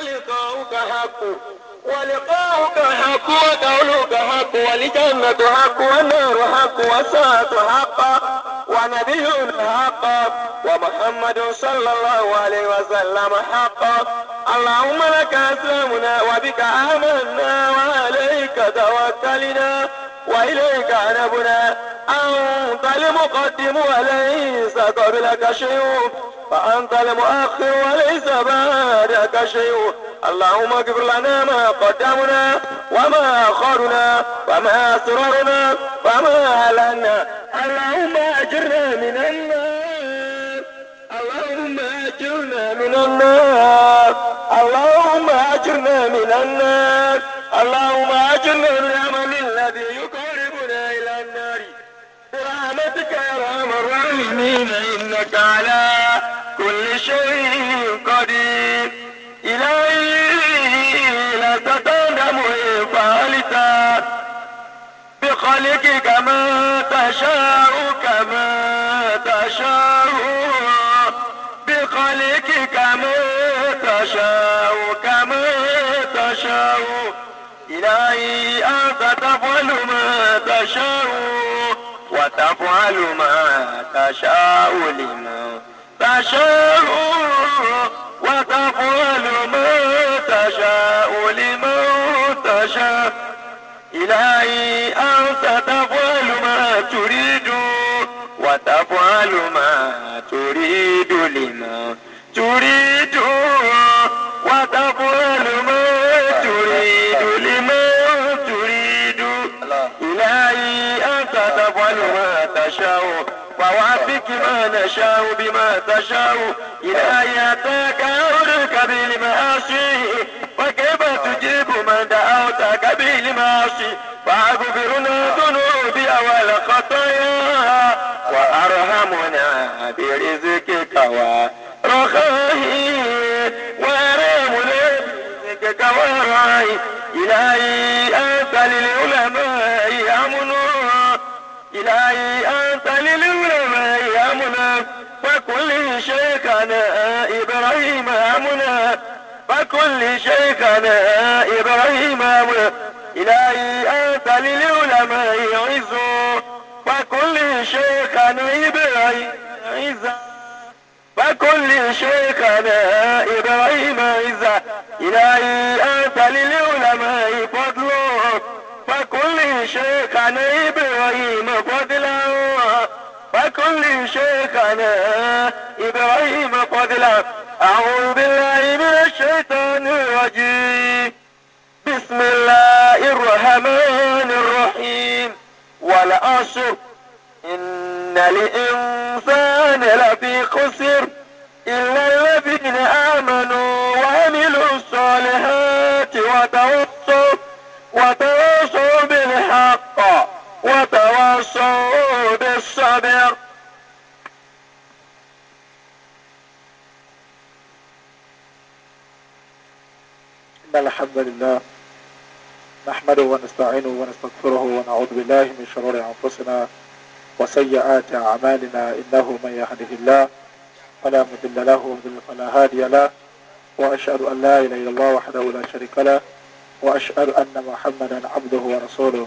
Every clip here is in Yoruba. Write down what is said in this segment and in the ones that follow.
ولقاؤك حق ولقاؤك حق وقولك حق والجنة حق والنار حق والساعة حق ونبينا حق ومحمد صلى الله عليه وسلم حق اللهم لك أسلمنا وبك آمنا وعليك توكلنا وإليك نبنا أنت المقدم وليس قبلك شيء فأنت المؤخر وليس بعدك شيء اللهم اغفر لنا ما قدمنا وما أخرنا وما أسررنا وما أعلنا اللهم أجرنا من النار اللهم أجرنا من النار اللهم أجرنا من النار اللهم أجرنا من العمل الذي يكره يا أرحم الراحمين إنك على كل شيء قدير إلهي لا تتندم إن فعلت بخلقك ما تشاء تفعل ما تشاء لمن تشاء وتفعل ما تشاء لمن تشاء إلهي نشاء بما تشاء إلى أتاك أمرك بالمعاصي وكيف تجيب من دعوتك بالمعاصي فاغفرنا ذنوبنا والخطايا وأرحمنا برزقك ورخائي وأرحمنا برزقك ورخائي إلهي أنت للعلماء أمن إلهي أنت للعلماء فكل شيخنا إبراهيم أمنا فكل شيخنا إبراهيم أمنا إلهي أنت للعلماء عز فكل شيخنا إبراهيم عز فكل شيخنا إبراهيم عز إلهي أنت للعلماء فضل فكل شيخنا إبراهيم فضلا على كل شيخنا إبراهيم فضلا أعوذ بالله من الشيطان الرجيم بسم الله الرحمن الرحيم والعصر إن الإنسان لفي خسر إلا الذين آمنوا وعملوا الصالحات وتوصوا وتوصوا بالحق وتواصوا بالصبر إن الحمد لله نحمده ونستعينه ونستغفره ونعوذ بالله من شرور أنفسنا وسيئات أعمالنا إنه من يهده الله فلا مضل له ومضل فلا هادي له وأشهد أن لا إله إلا الله وحده لا شريك له وأشهد أن محمدا عبده ورسوله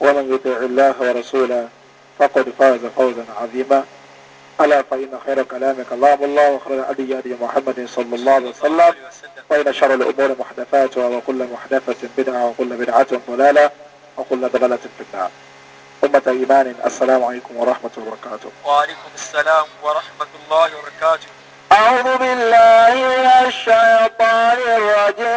ومن يطيع الله ورسوله فقد فاز فوزا عظيما ألا فإن خير كلامك كلام الله وخير الهدي هدي محمد صلى الله عليه وسلم وإن شر الأمور محدثاتها وكل محدثة بدعة وكل بدعة ضلالة وكل ضلالة في النار أمة إيمان السلام عليكم ورحمة الله وبركاته وعليكم السلام ورحمة الله وبركاته أعوذ بالله من الشيطان الرجيم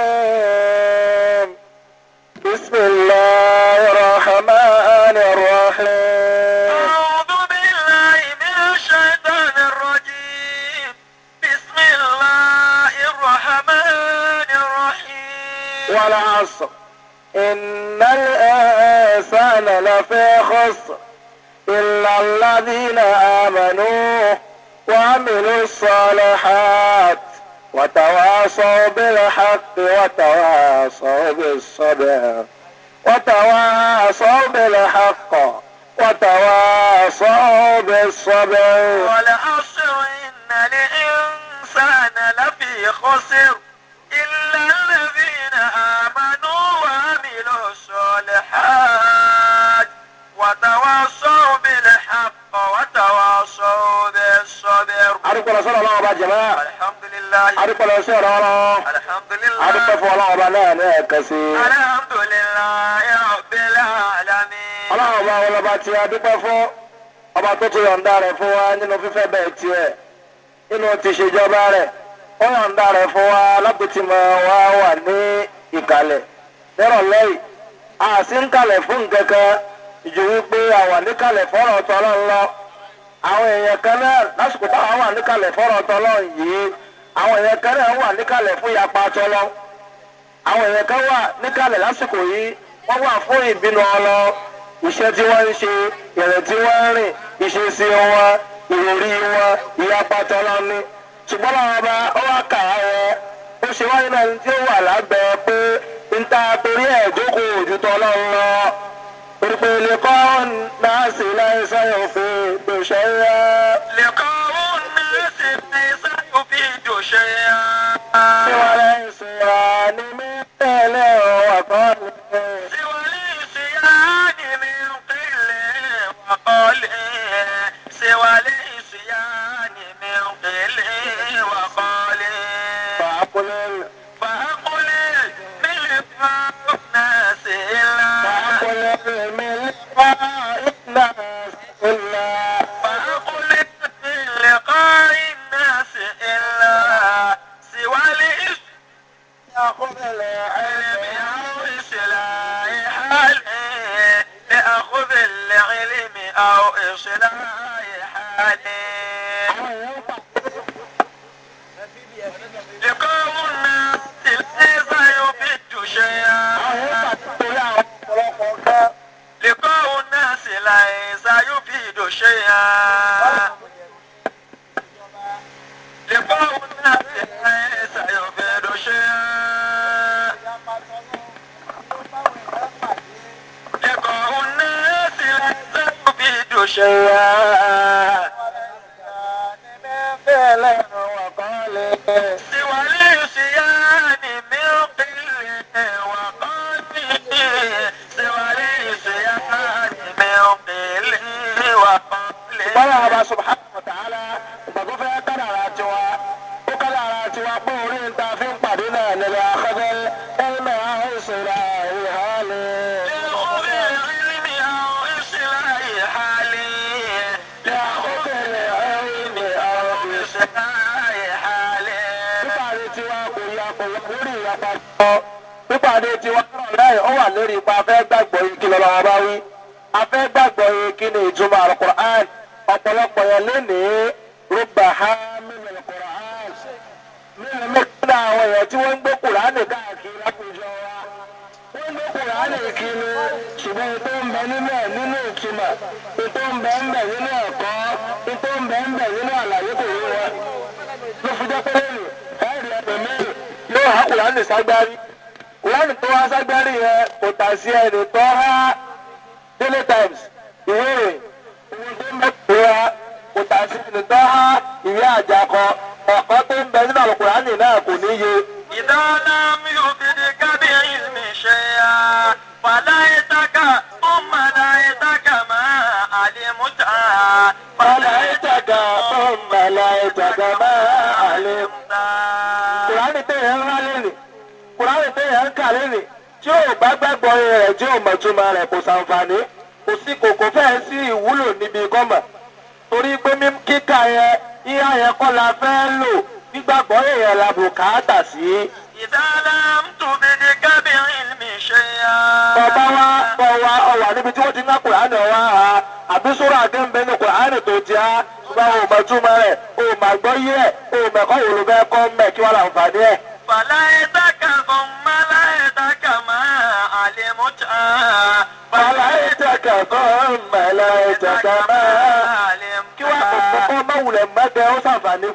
بسم الله الرحمن الرحيم أعوذ بالله من الشيطان الرجيم بسم الله الرحمن الرحيم والعصر إن الإنسان لفي خسر إلا الذين آمنوا وعملوا الصالحات وتواصوا بالحق وتواصوا بالصبر وتواصوا بالحق وتواصوا بالصبر ولأصر إن الإنسان لفي خسر إلا الذين آمنوا وعملوا الصالحات وتواصوا بالحق وتواصوا بالصبر عليكم رسول الله وبعد جماعة الحمد adúpọ̀lọ́ sí ọ̀rọ̀ ọ̀rọ̀ adúpẹ́ fún ọlọ́run ọba náà ní ẹ̀ẹ̀kan sí i. ọlọ́run ọba ọlọ́ba tí a dúpẹ́ fún ọba tó ti nínú fífẹ́ ti ṣèjọba rẹ̀ ó yọ̀ǹda wa ń àwọn èèyàn kan náà lásìkò àwọn èèyàn kan náà wà níkàlẹ̀ fún ìyapa tọ́lọ́ àwọn èèyàn kan wà níkàlẹ̀ lásìkò yìí wọ́n wà fún ìbínú ọlọ iṣẹ́ tí wọ́n ń ṣe ìrìn tí wọ́n ń rìn ìṣesí wọn ìròrí wọn ìyapa tọ́lọ́ ní ṣùgbọ́n làwọn ọba ó wá kà á yẹ ó ṣe wáyé náà tí ó wà lábẹ́ pé ń ta torí ẹ̀ jókòó òjútọ́ ọlọ́run lọ. ìpele kọ́ náà sì láì sọ́yọ̀ fún ìgbésẹ̀ yẹn. شيئا ولا شيئا لقاء الناس ليس يفيد شيئا لقاء الناس ليس يفيد شيئا pípàdé tiwọn náà láì ó wà lórí ipa afẹ́ yìí kí lọ́lọ́wọ́ bá wí afẹ́ yìí kí ni ìtumọ̀ alukur'an ọ̀pọ̀lọpọ̀ yẹn lénìí rúbà ha mímu alukur'an àwọn èèyàn tí wọ́n ń gbé kùránì káàkiri wa ń gbé kùránì kiri ètò nínú nínú ètò nínú há kùránì ságbárí kùránì tó há ságbárí yẹn kò tà sí ẹni tó há daily times ìwé rẹ̀ ìwé tó ń bẹ tó há kò tà sí ẹni tó há ìwé àjàkọ ọ̀kan tó ń bẹ nínú àwọn náà kò níye. ìdáná mi ò fi di kábí ìsmi ṣe ya fàlà ìtàkà ó màdà ìtàkà máa àlèmúta. fàlà ìtàkà ó màdà ìtàkà máa àlèmúta kùránì téèyàn ń rá lélẹ̀ kùránì téèyàn ń kà lélẹ̀ tí ò bá gbàgbọ́ rẹ̀ jẹ́ òmọ̀túmọ̀ rẹ̀ kò sàǹfààní kò sí kòkó fẹ́ẹ́ sí ìwúlò níbi gọ́mà torí pé kíkà yẹn ìhà yẹn kọ́ la fẹ́ lò nígbàgbọ́ èèyàn la bùkátà sí. Bàbá wa bọ̀ wa ọ̀wà níbi tí wọ́n ti ná Kùránì ọ̀wá ha. Àbí sóra àgẹ́mbẹ́ ní Kùránì tó ti á. Ṣùgbọ́n o mọ̀ túmọ̀ rẹ̀, o mọ̀ gbọ́ yí rẹ̀, o mọ̀ kọ́ wò ló fẹ́ kọ́ mẹ́ kí wọ́n là ń fà ní ẹ̀. Bàlá ẹ̀dá kan fún Mọ́lá ẹ̀dá kan máa àlè mú ta. Bàlá ẹ̀dá kan fún Mọ́lá ẹ̀dá kan máa àlè mú ta. Kí wọ́n àpò pọ̀ mọ́wùlẹ̀ ó sàǹfààní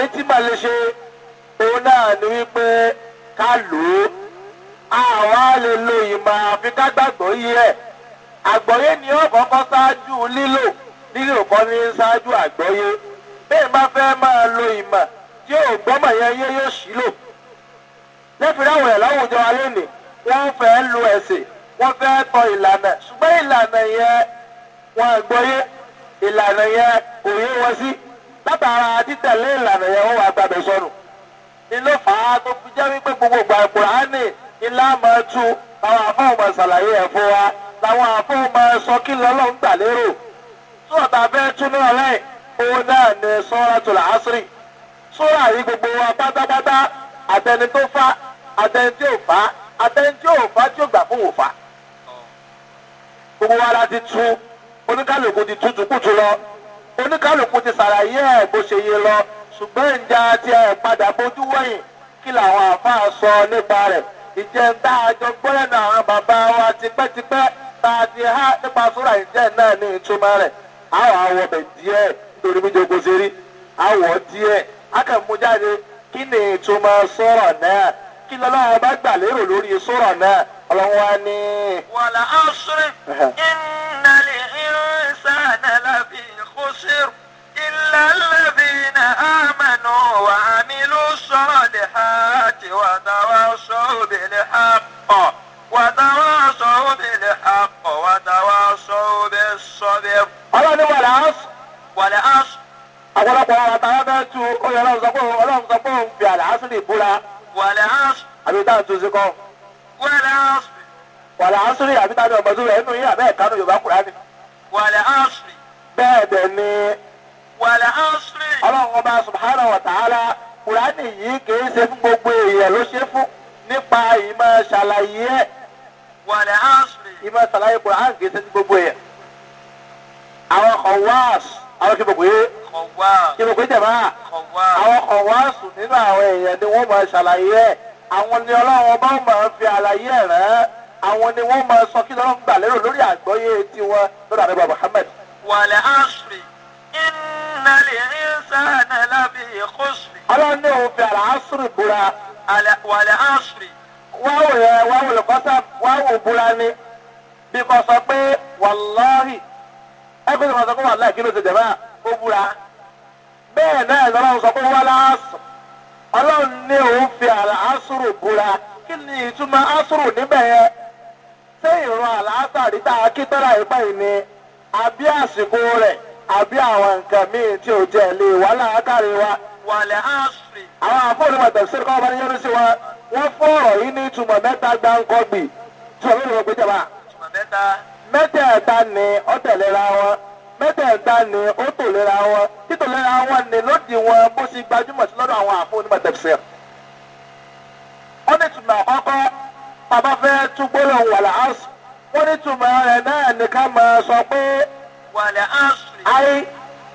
àǹfààní tí màá lè ṣe òun náà ni wípé ká lò ó àwa lè lo ìmọ̀ àfi ká gbàgbọ́ yí ẹ̀ àgbọ́yé ni ó kọ́kọ́ ṣáájú lílò lílò kọ́ ní ṣáájú àgbọ́yé bẹ́ẹ̀ bá fẹ́ máa lo ìmọ̀ tí ò gbọ́mọ̀ yẹn yé yóò ṣí lò lẹ́fìrí àwọn ẹ̀ láwùjọ wa lónìí wọ́n fẹ́ lo ẹ̀sìn wọ́n fẹ́ tọ ìlànà ṣùgbọ́n ìlànà yẹn wọ́n àgbọ́yé ìlànà yẹn kò yé wọn sí. Si látara títẹ̀lé ìlànà yẹn wọ́n wà gbàgbẹ́ sọnù ilé fà á tó fi jẹ́ wípé gbogbo ìgbà kùránì ilé àmọ́ tú àwọn afọ́hùn máa ṣàlàyé ẹ̀ fún wa làwọn afọ́hùn máa sọ kí lọ́lọ́run gbà lérò tí ọ̀tá fẹ́ tú náà òun náà ni suratul asri sọ́ra yìí gbogbo wa pátápátá àtẹni tó fa àtẹni tí ò fa àtẹni tí ò fa tí ò gbà fún òfa gbogbo wa la ti tu oníkálukú ti tutù kùtù lọ oníkálukú ti ṣàlàyé ẹ̀ bó ṣe yé lọ ṣùgbọ́n ìjà tí ẹ̀ padà bójú wẹ̀yìn kí làwọn àáfàá sọ nípa rẹ̀ ìjẹ́ tá a jọ gbọ́lẹ́nu àwọn bàbá wa tipẹ́tipẹ́ tá a ti há nípa sóra ìjẹ́ náà ní ìtumọ̀ rẹ̀ àwọn àwọ̀ bẹ̀ díẹ̀ nítorí bí jogo ṣe rí àwọ̀ díẹ̀ akẹ́mújáde kí ni ìtumọ̀ sọ̀rọ̀ náà kí lọ́lọ́wọ́ bá gbà lérò lórí sọ̀rọ̀ náà ọlọ́run wa ní. wàlà áṣírí ìnnàlè ìrìn náà lábẹ́. البشر إلا الذين آمنوا وعملوا الصالحات وتواصوا بالحق وتواصوا بالحق وتواصوا بالصبر ọlọ́run ní wàlẹ̀ asù wàlẹ̀ asù ọ̀pọ̀lọpọ̀ àwọn àtàwọn bẹ́ẹ̀ tu oyè ọlọ́run sọ pé ọlọ́run sọ pé òun fi àlẹ́ asù lè búra wàlẹ̀ asù àbí táwọn tó ṣe kọ́ wàlẹ̀ asù wàlẹ̀ asù rí àbí táwọn ọmọ tó rẹ̀ nù yín àbẹ́ẹ̀ kánú yorùbá kúrẹ́ ni wàlẹ̀ asù rí bẹ́ẹ̀ dẹ̀ ni wàlẹ Ọlọ́run ọba subhanahu wa ta'ala kùránì yìí kìí ṣe fún gbogbo èèyàn ló ṣe fún nípa ìmọ̀ ṣàlàyé ẹ̀ wàlẹ ansiri ìmọ̀ ṣàlàyé kùránì kìí ṣe fún gbogbo èèyàn àwọn kọ̀wáàs àwọn kí gbogbo yé kí gbogbo yé jẹ̀má àwọn kọ̀wáàsù nínú àwọn èèyàn ni wọ́n máa ṣàlàyé ẹ̀ àwọn ni Ọlọ́run ọba máa fi àlàyé ẹ̀ rẹ́ àwọn ni wọ́n máa sọ kí lọ́run gbà lérò lórí àgbọ́yé tiwọn lọ́dọ̀ àdébà Muhammad والعصر إن الإنسان لفي خسر ọlọ́run ní òun fi àlàásùrù búra. والعصر wáwò yẹ wáwò lùkọ́sà wáwò búra ni bí kò sọ pé wàlọ́ọ̀rì ẹgbẹ́ tó kọ́ sọ pé wàlọ́ọ̀rì kí ló ti dẹ̀bà ó búra. bẹ́ẹ̀ náà lọ́lọ́run sọ pé wàlàásù ọlọ́run ní òun fi àlàásùrù búra kí ni ìtumọ̀ àsùrù níbẹ̀ yẹn ṣé ìrun àlàásà rí tá a kí tọ́ra ìpá yìí abi asiko rẹ àbí awọn nǹkan míì tí ò jẹ́ lè wà láàkàrí wa. Wale àṣì. àwọn àfọwọ́n ìmọ̀ tẹ̀síṣẹ́ kọ́ ọba ní yẹnu sí wa wọ́n fún yìí ní ìtumọ̀ mẹ́ta gbáǹkọ́gbì tí wọ́n lè gbé jọba. mẹ́tẹ̀ẹ̀ta ni ọ tẹ̀lera wọn ni ó tòlera wọn títòlera wọn ni ló wọn bó ṣe gbajúmọ̀ sí lọ́dọ̀ àwọn àfọwọ́n ìmọ̀ tẹ̀síṣẹ́. ó ní ìtumọ̀ àkọ́kọ́ bàbá fẹ́ wọ́n ní tùmọ̀ rẹ̀ náà nìkan máa sọ pé wàlẹ̀ àṣírí. ayé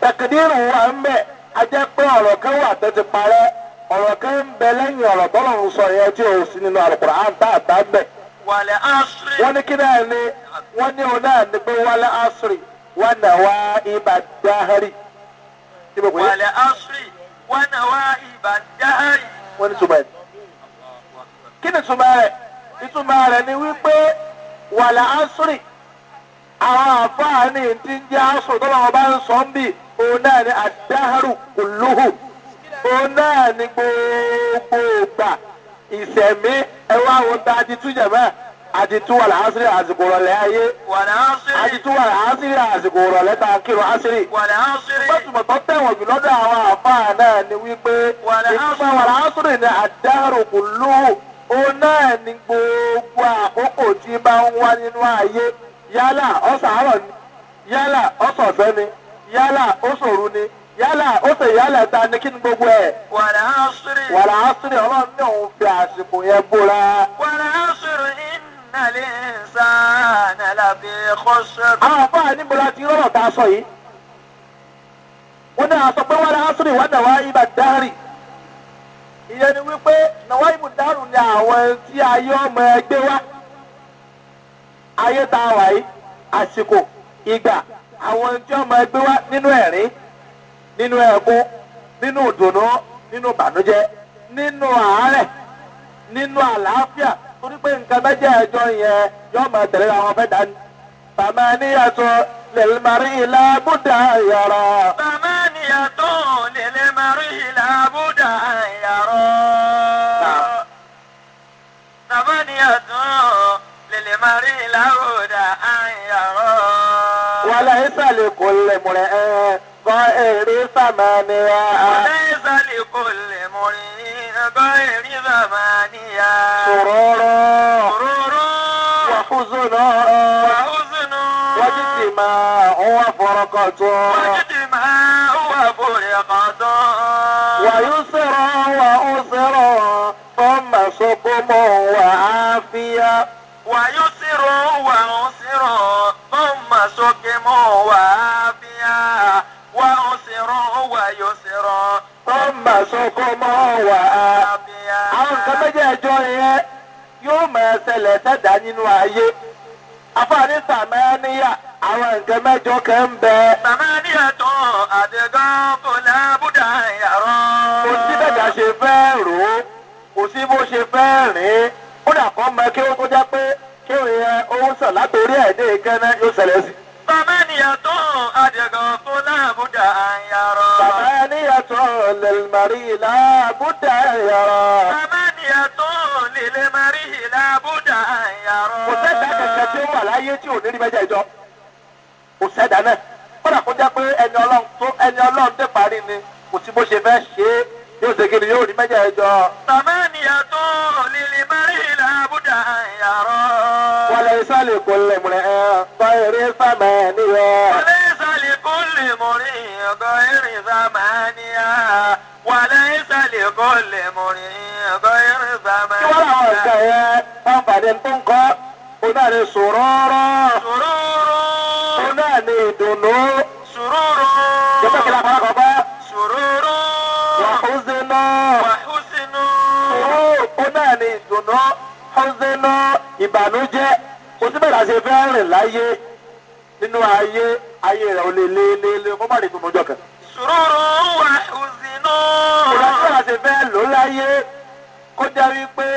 tẹkidiru wa ń bẹ̀ a jẹ́ pé ọ̀rọ̀ kan wà tó ti parẹ́ ọ̀rọ̀ kan ń bẹ lẹ́yìn ọ̀rọ̀ tọ́lọ́run sọ yẹn tí o sì nínú Al-Qur'an tá a bá bẹ̀. wàlẹ̀ àṣírí. wọ́n ní kí náà ni wọ́n ní o náà ní pé wàlẹ̀ àṣírí wà nà wá ibà dáhárì. wàlẹ̀ àṣírí wà nà wá ibà dáhárì. wọ́n ní tùmọ̀ rẹ̀ kí ni tùmọ̀ rẹ̀ wàlà asiri àwọn àfáàní ti ń jẹ́ aṣọ tó làwọn bá ń sọ ń bì òun náà ni àdáhàrù kùlùhù òun náà ni gbogbo ìgbà ìsẹ̀mí ẹ̀wọ́ àwọn tá a ti tú jẹ̀mẹ́ àdìtú wàlà asiri àsìkò rọ̀lẹ́ ayé àdìtú wàlà asiri àsìkò rọ̀lẹ́ tá a kírò asiri gbọ́dùmọ̀ tó tẹ̀wọ̀n jù lọ́dọ̀ àwọn àfáà náà ni wípé ìgbà wàlà asiri ni àdáhàrù kùlùhù òun náà ni gbogbo àkókò tí bá ń wá nínú ayé yálà ọ̀sàárọ̀ ni yálà ọ̀sọ̀fẹ́ ni yálà ọ̀sòru ni yálà ọ̀sẹ̀ yálà ta ni kí ni gbogbo ẹ̀. wàrà ásírì wàrà ásírì ọlọ́run ní òun fi àsìkò yẹn bóra. wàrà ásírì iná lè ń sá àwọn àbá níbo la ti rọrọ̀ tá a sọ yìí. wọ́n ní a sọ pé wàrà ásírì wàdà wá ibà dárì ìyẹn ni wípé nàwa ìbùdárù ni àwọn tí ayé ọmọ ẹgbẹ́ wá ayé tá a wà yìí àsìkò ìgbà àwọn tí ọmọ ẹgbẹ́ wá nínú ẹ̀rín nínú ẹ̀kún nínú ìdùnnú nínú ìbànújẹ́ nínú àárẹ̀ nínú àlàáfíà torí pé nǹkan mẹ́jẹ̀ẹ́jọ yẹn yọ ọmọ tẹ̀lé àwọn fẹ́ dání bàmá níyàtọ̀ للمرء لا بد أن يرى ثمانية للمرء لا بد أن يرى ثمانية للمرء لا بد أن يرى وليس لكل امرئ غير ثمانية وليس لكل امرئ غير ثمانية سرور سرور فرقة وجدما وفرقة ويسرا وأسرا ثم سقم وعافية ويسرا وأسرا ثم سقم وعافية وأسرا ويسرا ثم سقم وعافية àwọn nǹkan méjèèjọ yẹn يوم máa ṣẹlẹ̀ sẹ́dá afaani samaniya àwọn nǹkan mẹ́jọ kẹ ń bẹ. samaniya tó àdìgán kò lábúdà yàrá. kò sí bẹ́ẹ̀ ṣe fẹ́ rò ó kò sí bó ṣe fẹ́ rìn ó dà kọ́ mọ kí ó tó jẹ́ pé kí òun yẹ owó sàn látòrí ẹ̀ ní ìkẹ́nẹ́ yóò ṣẹlẹ̀ sí. samaniya tó àdìgán kò lábúdà yàrá. samaniya tó lèlmarí làbúdà yàrá. samaniya tó lèlmarí làbúdà yàrá kò sẹ́dá kẹ̀kẹ́ tí ó wà láyé tí ò ní rí mẹ́jẹ̀ ìjọ kò sẹ́dá náà kódà kó jẹ́ pé ẹni ọlọ́run tó ẹni ọlọ́run dé parí ni kò sí bó ṣe fẹ́ ṣe é yóò ṣe kí ni yóò rí mẹ́jẹ̀ ìjọ. tàmánìyà tó lílì mẹ́rin ilà àbúdà ìyàrá. wọlé ìsàlẹ̀ kò lè múlẹ̀ ẹ̀ kọ́ eré fàmà níyà. wọlé ìsàlẹ̀ kò lè múlẹ̀ ọ̀gọ́ eré fàmà níyà wà lẹ́yìn sàlẹ̀ kọ́ lẹ̀ mọ̀rin ọ̀gọ́ irin sàmà. kí wọ́n làwọn ọ̀gá yẹn wọ́n pàdé tó ń kọ́ ó náà lè sòróró. sòróró. ó náà lè dùnú. sòróró. jẹ́pẹ́ kí lápá kọ́ bá. sòróró. wàhúzínú. wàhúzínú. sòróró ó náà lè dùnú. húzínú ìbànújẹ́ kò síbẹ̀ láti rìn láyé nínú ayé ayé rẹ̀ ò lè lé lé lé mo kan sùúrù wà hùzínú. ìlànà tí a ti fẹ́ lò láyé kó jẹ́ wípé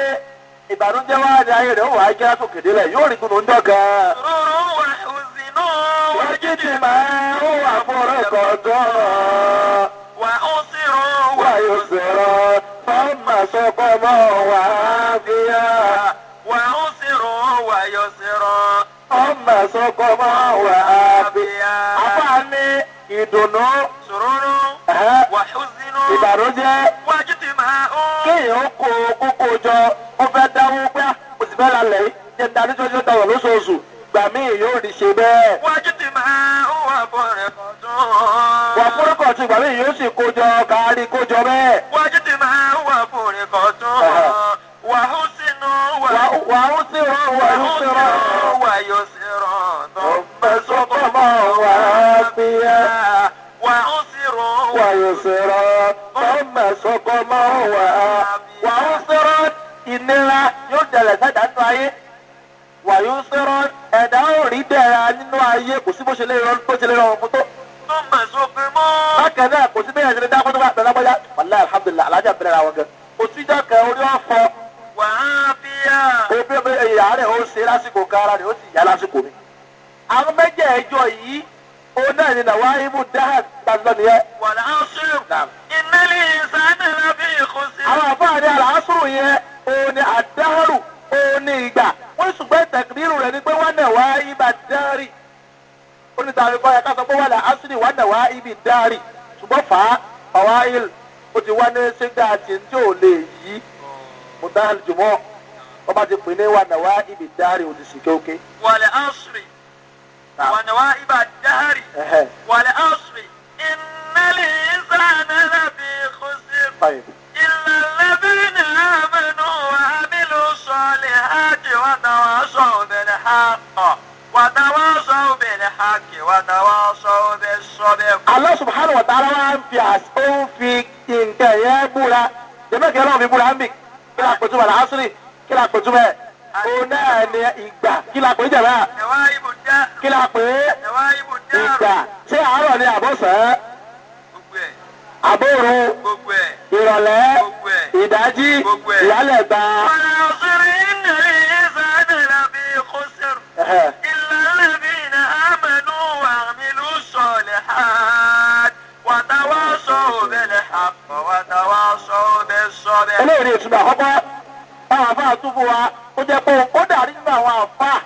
ìbànújẹ́ wà ní ayé rẹ̀ ó wà á jẹ́ sókè délẹ̀ yóò rí gbogbo ń dọ́gà. sùúrù wà hùzínú. wọ́n jí ti máa ń wà fún ọ̀rẹ́ kọ̀ọ̀dọ́. wà ó sì rọ wà yóò sọ̀rọ̀ fọ́ọ̀mà sọ́kọ́ mọ́ wà á fi yá. wà ó sì rọ wà yóò sì rọ. fọ́ọ̀mà sọ́kọ́ mọ́ wà á fi yá. àbá ní ìdùnnú ìbànújẹ́ kéèyàn ó kó kókó jọ ó fẹ́ dáwó pé kò ah, sì fẹ́ lálẹ́ yìí ṣe ń darí sójú tọrọ lóṣooṣù gbà míì yóò rí ṣe bẹ́ẹ̀. wájú ti máa ń wà bọ̀ rẹ̀ pọ̀ tó. wà tí gbà míì yóò sì kó jọ kárí kó jọ bẹ́ẹ̀. wájú ti máa ń wà bọ̀ rẹ̀ pọ̀ tó. wàhùn sínú wàhùn sínú wàhùn sínú wàyọ̀ sí. 教学内容。dáárì ṣùgbọ́n fà á fàwáìl ó ti wá ní ṣẹ́gà àti tí ò lè yí mùtáhàlì jùmọ́ wọ́n bá ti pè ní wà náwá ibi dáárì ò ti sì kéwké. wàlẹ̀ asri wà ibà dáárì wàlẹ̀ asri ìnálẹ̀ ìsàn alábì kùsì ìlà lẹ́bìrì àmàlù àmìlù sọ̀lẹ̀ àjẹ́ wà náwá sọ̀bẹ̀rẹ̀ hàkọ̀ wà náwá sọ̀bẹ̀rẹ̀ hàkì wà náwá sọ̀ Allah subhanahu wa ta'ala wa ń fi àṣọ ń fi nǹkan yẹn búra jẹ́mẹ́ kí ọlọ́run fi búra ń bì kí la pètúmọ̀ làásùrì kí la pètúmọ̀ ẹ̀ òun náà ni ìgbà kí la pè é jẹ̀mẹ́ kí la pè ni àbọ̀sán àbóòrò ìrọ̀lẹ́ ìdájí ìyálẹ̀ gbà. ọ̀rọ̀ ọ̀sẹ̀rẹ̀ eléyìí ìtura àkọ́kọ́ àwọn àfáà túbú wa ó jẹ́ pé ó dàrí nínú àwọn àfáà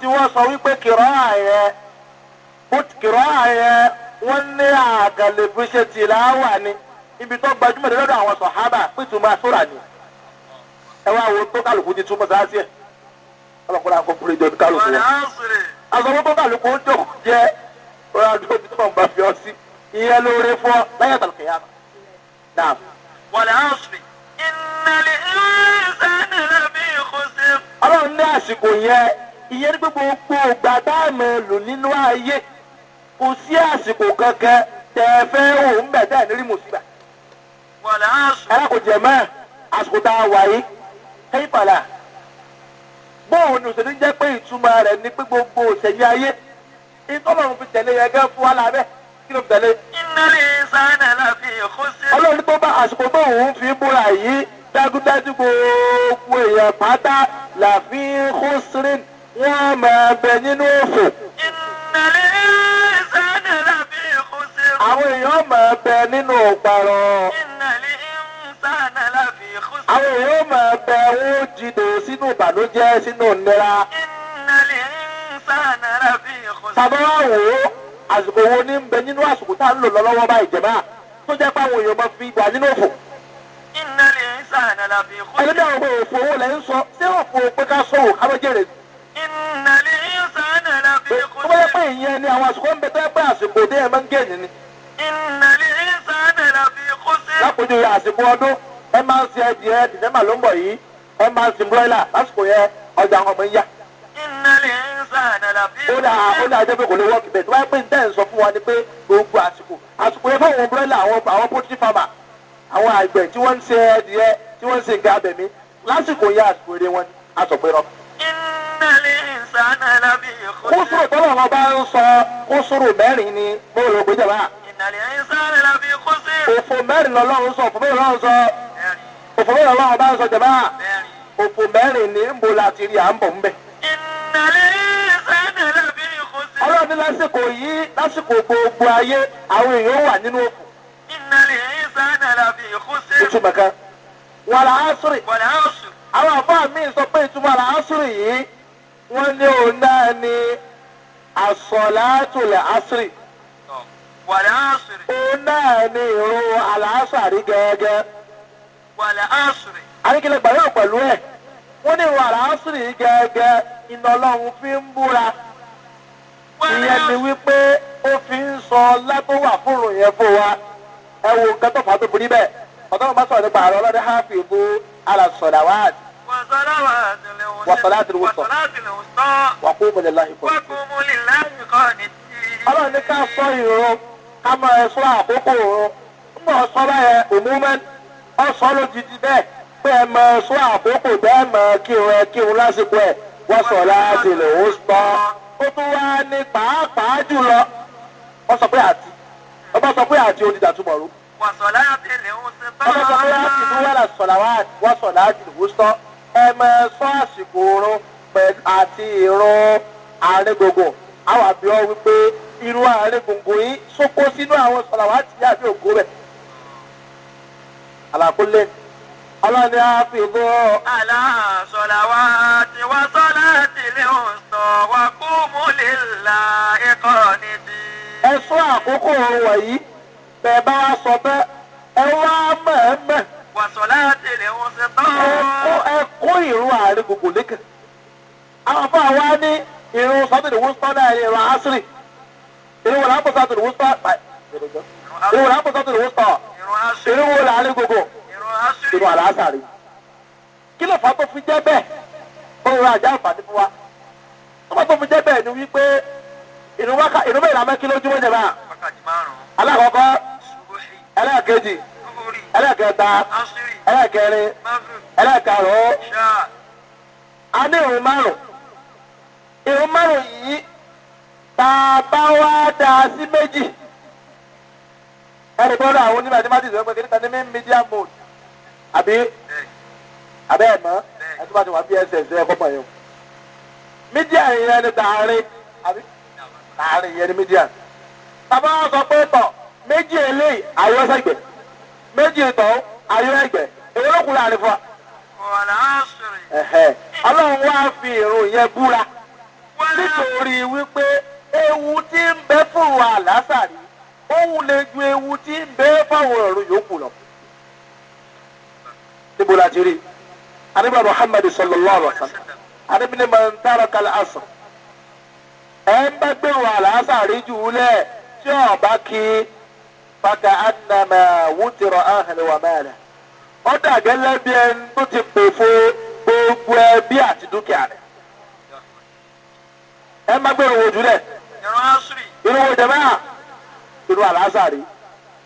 tí wọ́n sọ wípé kìrọ́ ààyè kìrọ́ wọ́n ní ni ibi tó gbajúmọ̀ ni ẹ wá wo tó kálukú ti túmọ̀ wọn. tó kálukú tó bá ìyẹn lóore fún ọ lẹ́yìn tó kìí àná. naam. wàlẹ̀ àṣùbì ìnàlẹ̀ ìsẹ́ni lẹ́bí ìkọsí. ọlọ́run ní àsìkò yẹn ìyẹn ní gbogbo ògbà dáàmú lò nínú ayé kò sí àsìkò kankan tẹ̀ fẹ́ òun bẹ̀ tẹ̀ nírí mùsíbà. wàlẹ̀ àṣùbì. ẹ̀rọ kò jẹ̀ àsìkò tá a wà yìí kẹ́yìn pàlà bóun ni òṣèlú jẹ́ pé ìtumọ̀ rẹ̀ ní gbogbo òṣèlú ayé ìtọ́lọ́run fi tẹ̀lé yẹn gẹ́ fún wa lábẹ́ kí ló tẹ̀lé. ìnáwó ìsáná láfi ìkóṣe. ọlọ́run tó bá àsìkò tó òun fi búra yìí dájúdájú gbogbo èèyàn pátá làfi ìkóṣe wọ́n máa bẹ nínú òfò. ìnáwó ìsáná láfi ìkóṣe. àwọn èèyàn máa bẹ nínú òparọ. ìnáwó ìsáná láfi ìkóṣe. àwọn èèyàn máa bẹ wọ́n jìnnà sínú ìbànújẹ́ sínú ìnira. ìnáwó ìsáná láfi ìkóṣe. tàbá wò ó àsìkò wo ní bẹ nínú àsìkò tá ń lò lọ́wọ́ báyìí jẹ̀mọ́ tó jẹ́ pé àwọn èèyàn máa fi dà nínú òfò. ìnáni ìsàn àlàbí kò. ẹni dáhùn pé òfò owó lẹ́ sọ ṣé òfò pé ká sọ̀wọ́ ká ló jèrè. ìnáni ìsàn àlàbí kò. tó bá yẹ pé ìyẹn ni àwọn àsìkò ń bẹ tó pé àsìkò dé ẹ̀ máa ń gẹ̀yìn ni. ìnáni ń ṣe ẹdìẹ dìdẹ́mà ló ń bọ̀ ó dà ó dà jẹ́ pé kò lè wọ́ọ̀kì bẹ́ẹ̀ tí wọ́n pè ń tẹ̀ ń sọ fún wa ni pé gbogbo àsìkò àsìkò yẹn fáwọn ọmọbìnrin àwọn àwọn poultry farmer àwọn àgbẹ̀ tí wọ́n ń ṣe ẹdìyẹ tí wọ́n ń ṣe nǹkan abẹ̀mí lásìkò yẹn àsìkò eré wọn àtọ̀pẹ́ rọ. kó sòrò tọ́lọ̀ wọn bá ń sọ kó sòrò mẹ́rin ni mo rò pé jàmbá. òfò mẹ́rin lọ́lọ́run sọ òfò mẹ́rin lọ́lọ́run sọ òfò mẹ́rin lọ́lọ́run bá ń sọ jàmbá òfò mẹ́rin ni ń bo láti rí à ń bọ̀ ọlọ́run ní lásìkò yìí lásìkò gbogbo ayé àwọn èèyàn wà nínú òkú. ìnàlẹ̀ yìí sáyẹn làbí wàlà wàlà àwọn àbá mi sọ pé ìtumọ̀ wàlà ásùrì yìí wọ́n ní òun náà ní àsọ̀látùlẹ̀ ásùrì. wàlà ásùrì. òun náà ní ìrun àlàásàrí gẹ́gẹ́. wàlà ásùrì. àríkìlẹ̀ wọ́n ní ìwà àlàásùrì gẹ́gẹ́ iná ọlọ́run fi ń búra ìyẹn ni wípé ó fi ń sọ lágbówà fúnrun yẹn fún wa ẹ wo nǹkan tó fà tó burú bẹ́ẹ̀ ọ̀tọ́ bá sọ̀rọ̀ nípa àrọ̀ ọlọ́dẹ háàfì ìbú alàsọ̀dà wá àdì. wàsọ̀lá àti ìwòsàn wàkú mọ̀lẹ́ láyé kọ́ ni. ọlọ́run ní ká sọ ìrún ká máa sọ àkókò ìrún ń bọ̀ sọ báyẹn òmùmẹ́ ọ̀sán ló ti di bẹ́ẹ̀ pé ẹ mọ sọ àkókò bẹ́ẹ̀ mọ kírun ẹ kírun lásìkò ẹ̀ wọ́n sọ láti lè ó sọ. ó tún wá ní pàápàá jùlọ wọ́n sọ pé àti ọba sọ pé àti onídàtúmọ̀ rú. wọ́n sọ láti lè ó sọ. ọba sọ pé láti lè wọ́n láti sọ̀lá wá wọ́n sọ láti lè ó sọ. ẹ mọ sọ àsìkò oorun àti ìrun àárín gbogbo àwọn àbí ọ wípé irú àárín gbogbo yín sókó sínú àwọn sọ̀lá wá ti yá àbí ògo rẹ̀. àlàkó lẹ́nu ọlọ́ni àfìbò. aláṣọlá wa ti wá sọ́lá tìlẹ̀ òǹsọ̀ wa kú múlẹ̀ ńlá ẹ̀kọ́ níbi. ẹ sún àkókò wọ̀nyí bẹ́ẹ̀ bá wa sọ bẹ́ẹ̀ ẹ wá mẹ́ẹ̀mẹ́. wàsọ̀lá tìlẹ̀ òǹsẹ̀ tán. ẹ kó ìrún àárín gbogbo lékè. àwọn afọ àwa ní ìrún sọ́tìlì wúsọ́ náà ìrún àásìrì ìrún wọ̀lá pọ̀ sọ́tìlì ìrún wọ̀lá pọ̀ sọ́tìlì wúsọ́ ìrun àlàásàrè kí ló fà á tó fi jẹ́ bẹ́ẹ̀ ó rọra àjá àǹfààní fún wa ọmọ tó fi jẹ́ bẹ́ẹ̀ ni wípé ìrun wákà ìrun bẹ́ẹ̀ làmẹ́ kí lójúmọ́ jẹ báà alákọ̀ọ́kọ́ ẹlẹ́ẹ̀kejì ẹlẹ́ẹ̀kẹta ẹlẹ́ẹ̀kẹrin ẹlẹ́ẹ̀karùn-ún a ní ìrun márùn ìrun márùn yìí tá a bá wá dá a sí méjì ẹnì bọ́dọ̀ àwọn onímọ̀ àti mátìsì wọ́n pé kí ní mí medium mode. Abi àbẹ́ ẹ̀ mọ́ ẹni ti o mídíà yẹn ni tààrí àbí tààrí yẹn ni mídíà bàbá wa sọ pé tọ̀ méjì eléyìí ayọ́ ẹgbẹ, méjì tọ̀ ayọ́ ẹgbẹ̀ ló fi irun yẹn búra nítorí wípé ewu ń bẹ fún wa lásàrí òun lè ewu ń bẹ fáwọn lọ. níbo la ti rí anabi muhammad sallallahu alaihi wa sallam anabi ni man taraka al-asr ẹ ń bá gbẹ̀rù àlàásà rí jù ú lẹ̀ tí ò bá kí faka anama wútirọ̀ ahìnrìn wà mẹ́rin ó dà gẹ́lẹ́ bí ẹni tó ti pè fún gbogbo ẹbí àti dúkìá rẹ̀ ẹ má gbẹ̀rù wojú lẹ̀ irun wo jẹ̀mẹ́ irun àlàásà rí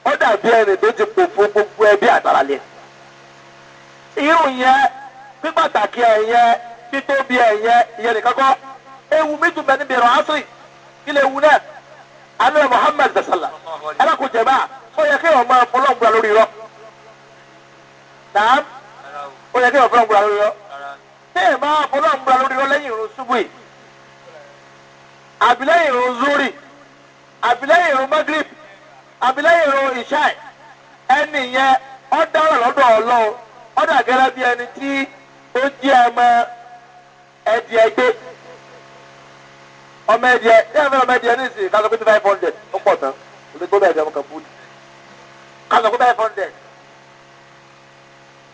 ó dà ẹni tó ti pè fún gbogbo ẹbí àtàrà irú yẹn pípàtàkì ẹ̀ yẹn títóbi ẹ̀ yẹn ìyẹn nìkan kọ́ ewu méjì bẹ níbi ìrọ̀ asiri kí lè wu náà anu muhammed basala ẹlẹ́kùn jẹ̀bá ó yẹ kí wọ́n máa fọlọ́ gbura lórí irọ́ naam ó yẹ kí wọ́n fọlọ́ gbura lórí irọ́ tí ì máa fọlọ́ gbura lórí irọ́ lẹ́yìn irun ṣubú yìí àbílẹ́yìn irun zuri àbílẹ́yìn irun magrib àbílẹ́yìn irun ishai ẹni yẹn ọ́ lọ́dọ̀ ọlọ́run ọdọ àgẹrẹ bíi ẹni tí ó jẹ ọmọ ẹdì ẹgbẹ ọmọ ẹdì ẹ ní ẹfẹ ọmọ ẹdì ẹ ní ìsìn kásán pété five hundred ó pọ̀ tán olè gbọ́dọ̀ ẹ̀dẹ̀ ọmọ kan bú ni kásán pété five hundred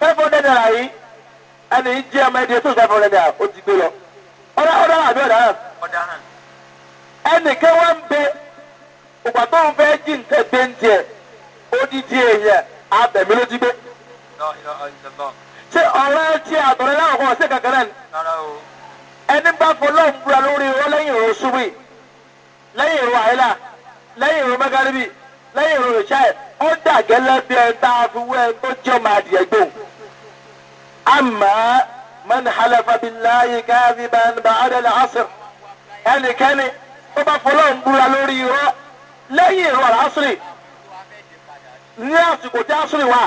five hundred naira yìí ẹni yìí jẹ ọmọ ẹdì ẹ tó five hundred naira ó ti gbé lọ ọdọ ọdọ àbí ọdọ hàn ẹnì kẹwàá ń bẹ ògbà tó ń fẹ́ jí nǹkan gbé ń jẹ ó dídí èèyàn abẹ̀mí ló ti gbé ṣé ọ̀rọ̀ ẹtí àtọ̀rẹ́ láwọn kan ọ̀sẹ̀ kankan náà ni. ẹni bá fọlọ́ ń búra lórí irọ́ lẹ́yìn ìrò ṣubú lẹ́yìn ìrò àyílà lẹ́yìn ìrò mẹ́gàríbì lẹ́yìn ìrò ìṣáì ó dà gẹ́lẹ́ bí ẹ tá a fi wé ẹ tó jẹ́ ọmọ adìyẹ gbò. àmọ́ mẹ́ni halafa billahi kadhiban ba'da al-'asr ẹnikẹ́ni tó bá fọlọ́ ń búra lórí irọ́ lẹ́yìn ìrò àlásìrì ní àsìkò tí àsìrì wà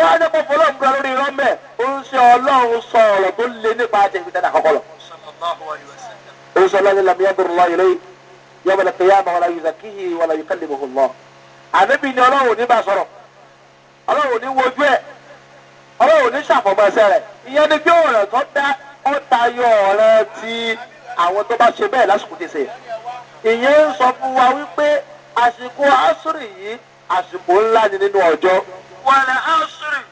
ó wá dẹ́kun fọlọ́ ń kura lórí irọ́ mẹ́ ó ń ṣe ọlọ́run sọ ọ̀rọ̀ tó le nípa àjẹgbẹ́ tẹ́lẹ̀ àkọ́kọ́ lọ. ó sọ lọ́dún lọ́mú yẹn gbọ́dọ̀ lọ́yọ̀ lóyún yọ bẹ̀rẹ̀ pé yáàmà wàlá yóò zakihi wàlá yóò kẹ́lẹ́ mọ̀hún lọ. ànábì ni ọlọ́run ò ní bá sọ̀rọ̀ ọlọ́run ò ní wojú ẹ̀ ọlọ́run ò ní ṣàfọ̀mọ́sẹ̀ rẹ̀ ìyẹn ni bí ọ̀rọ̀ tó dá ó tayọ ọ̀rọ̀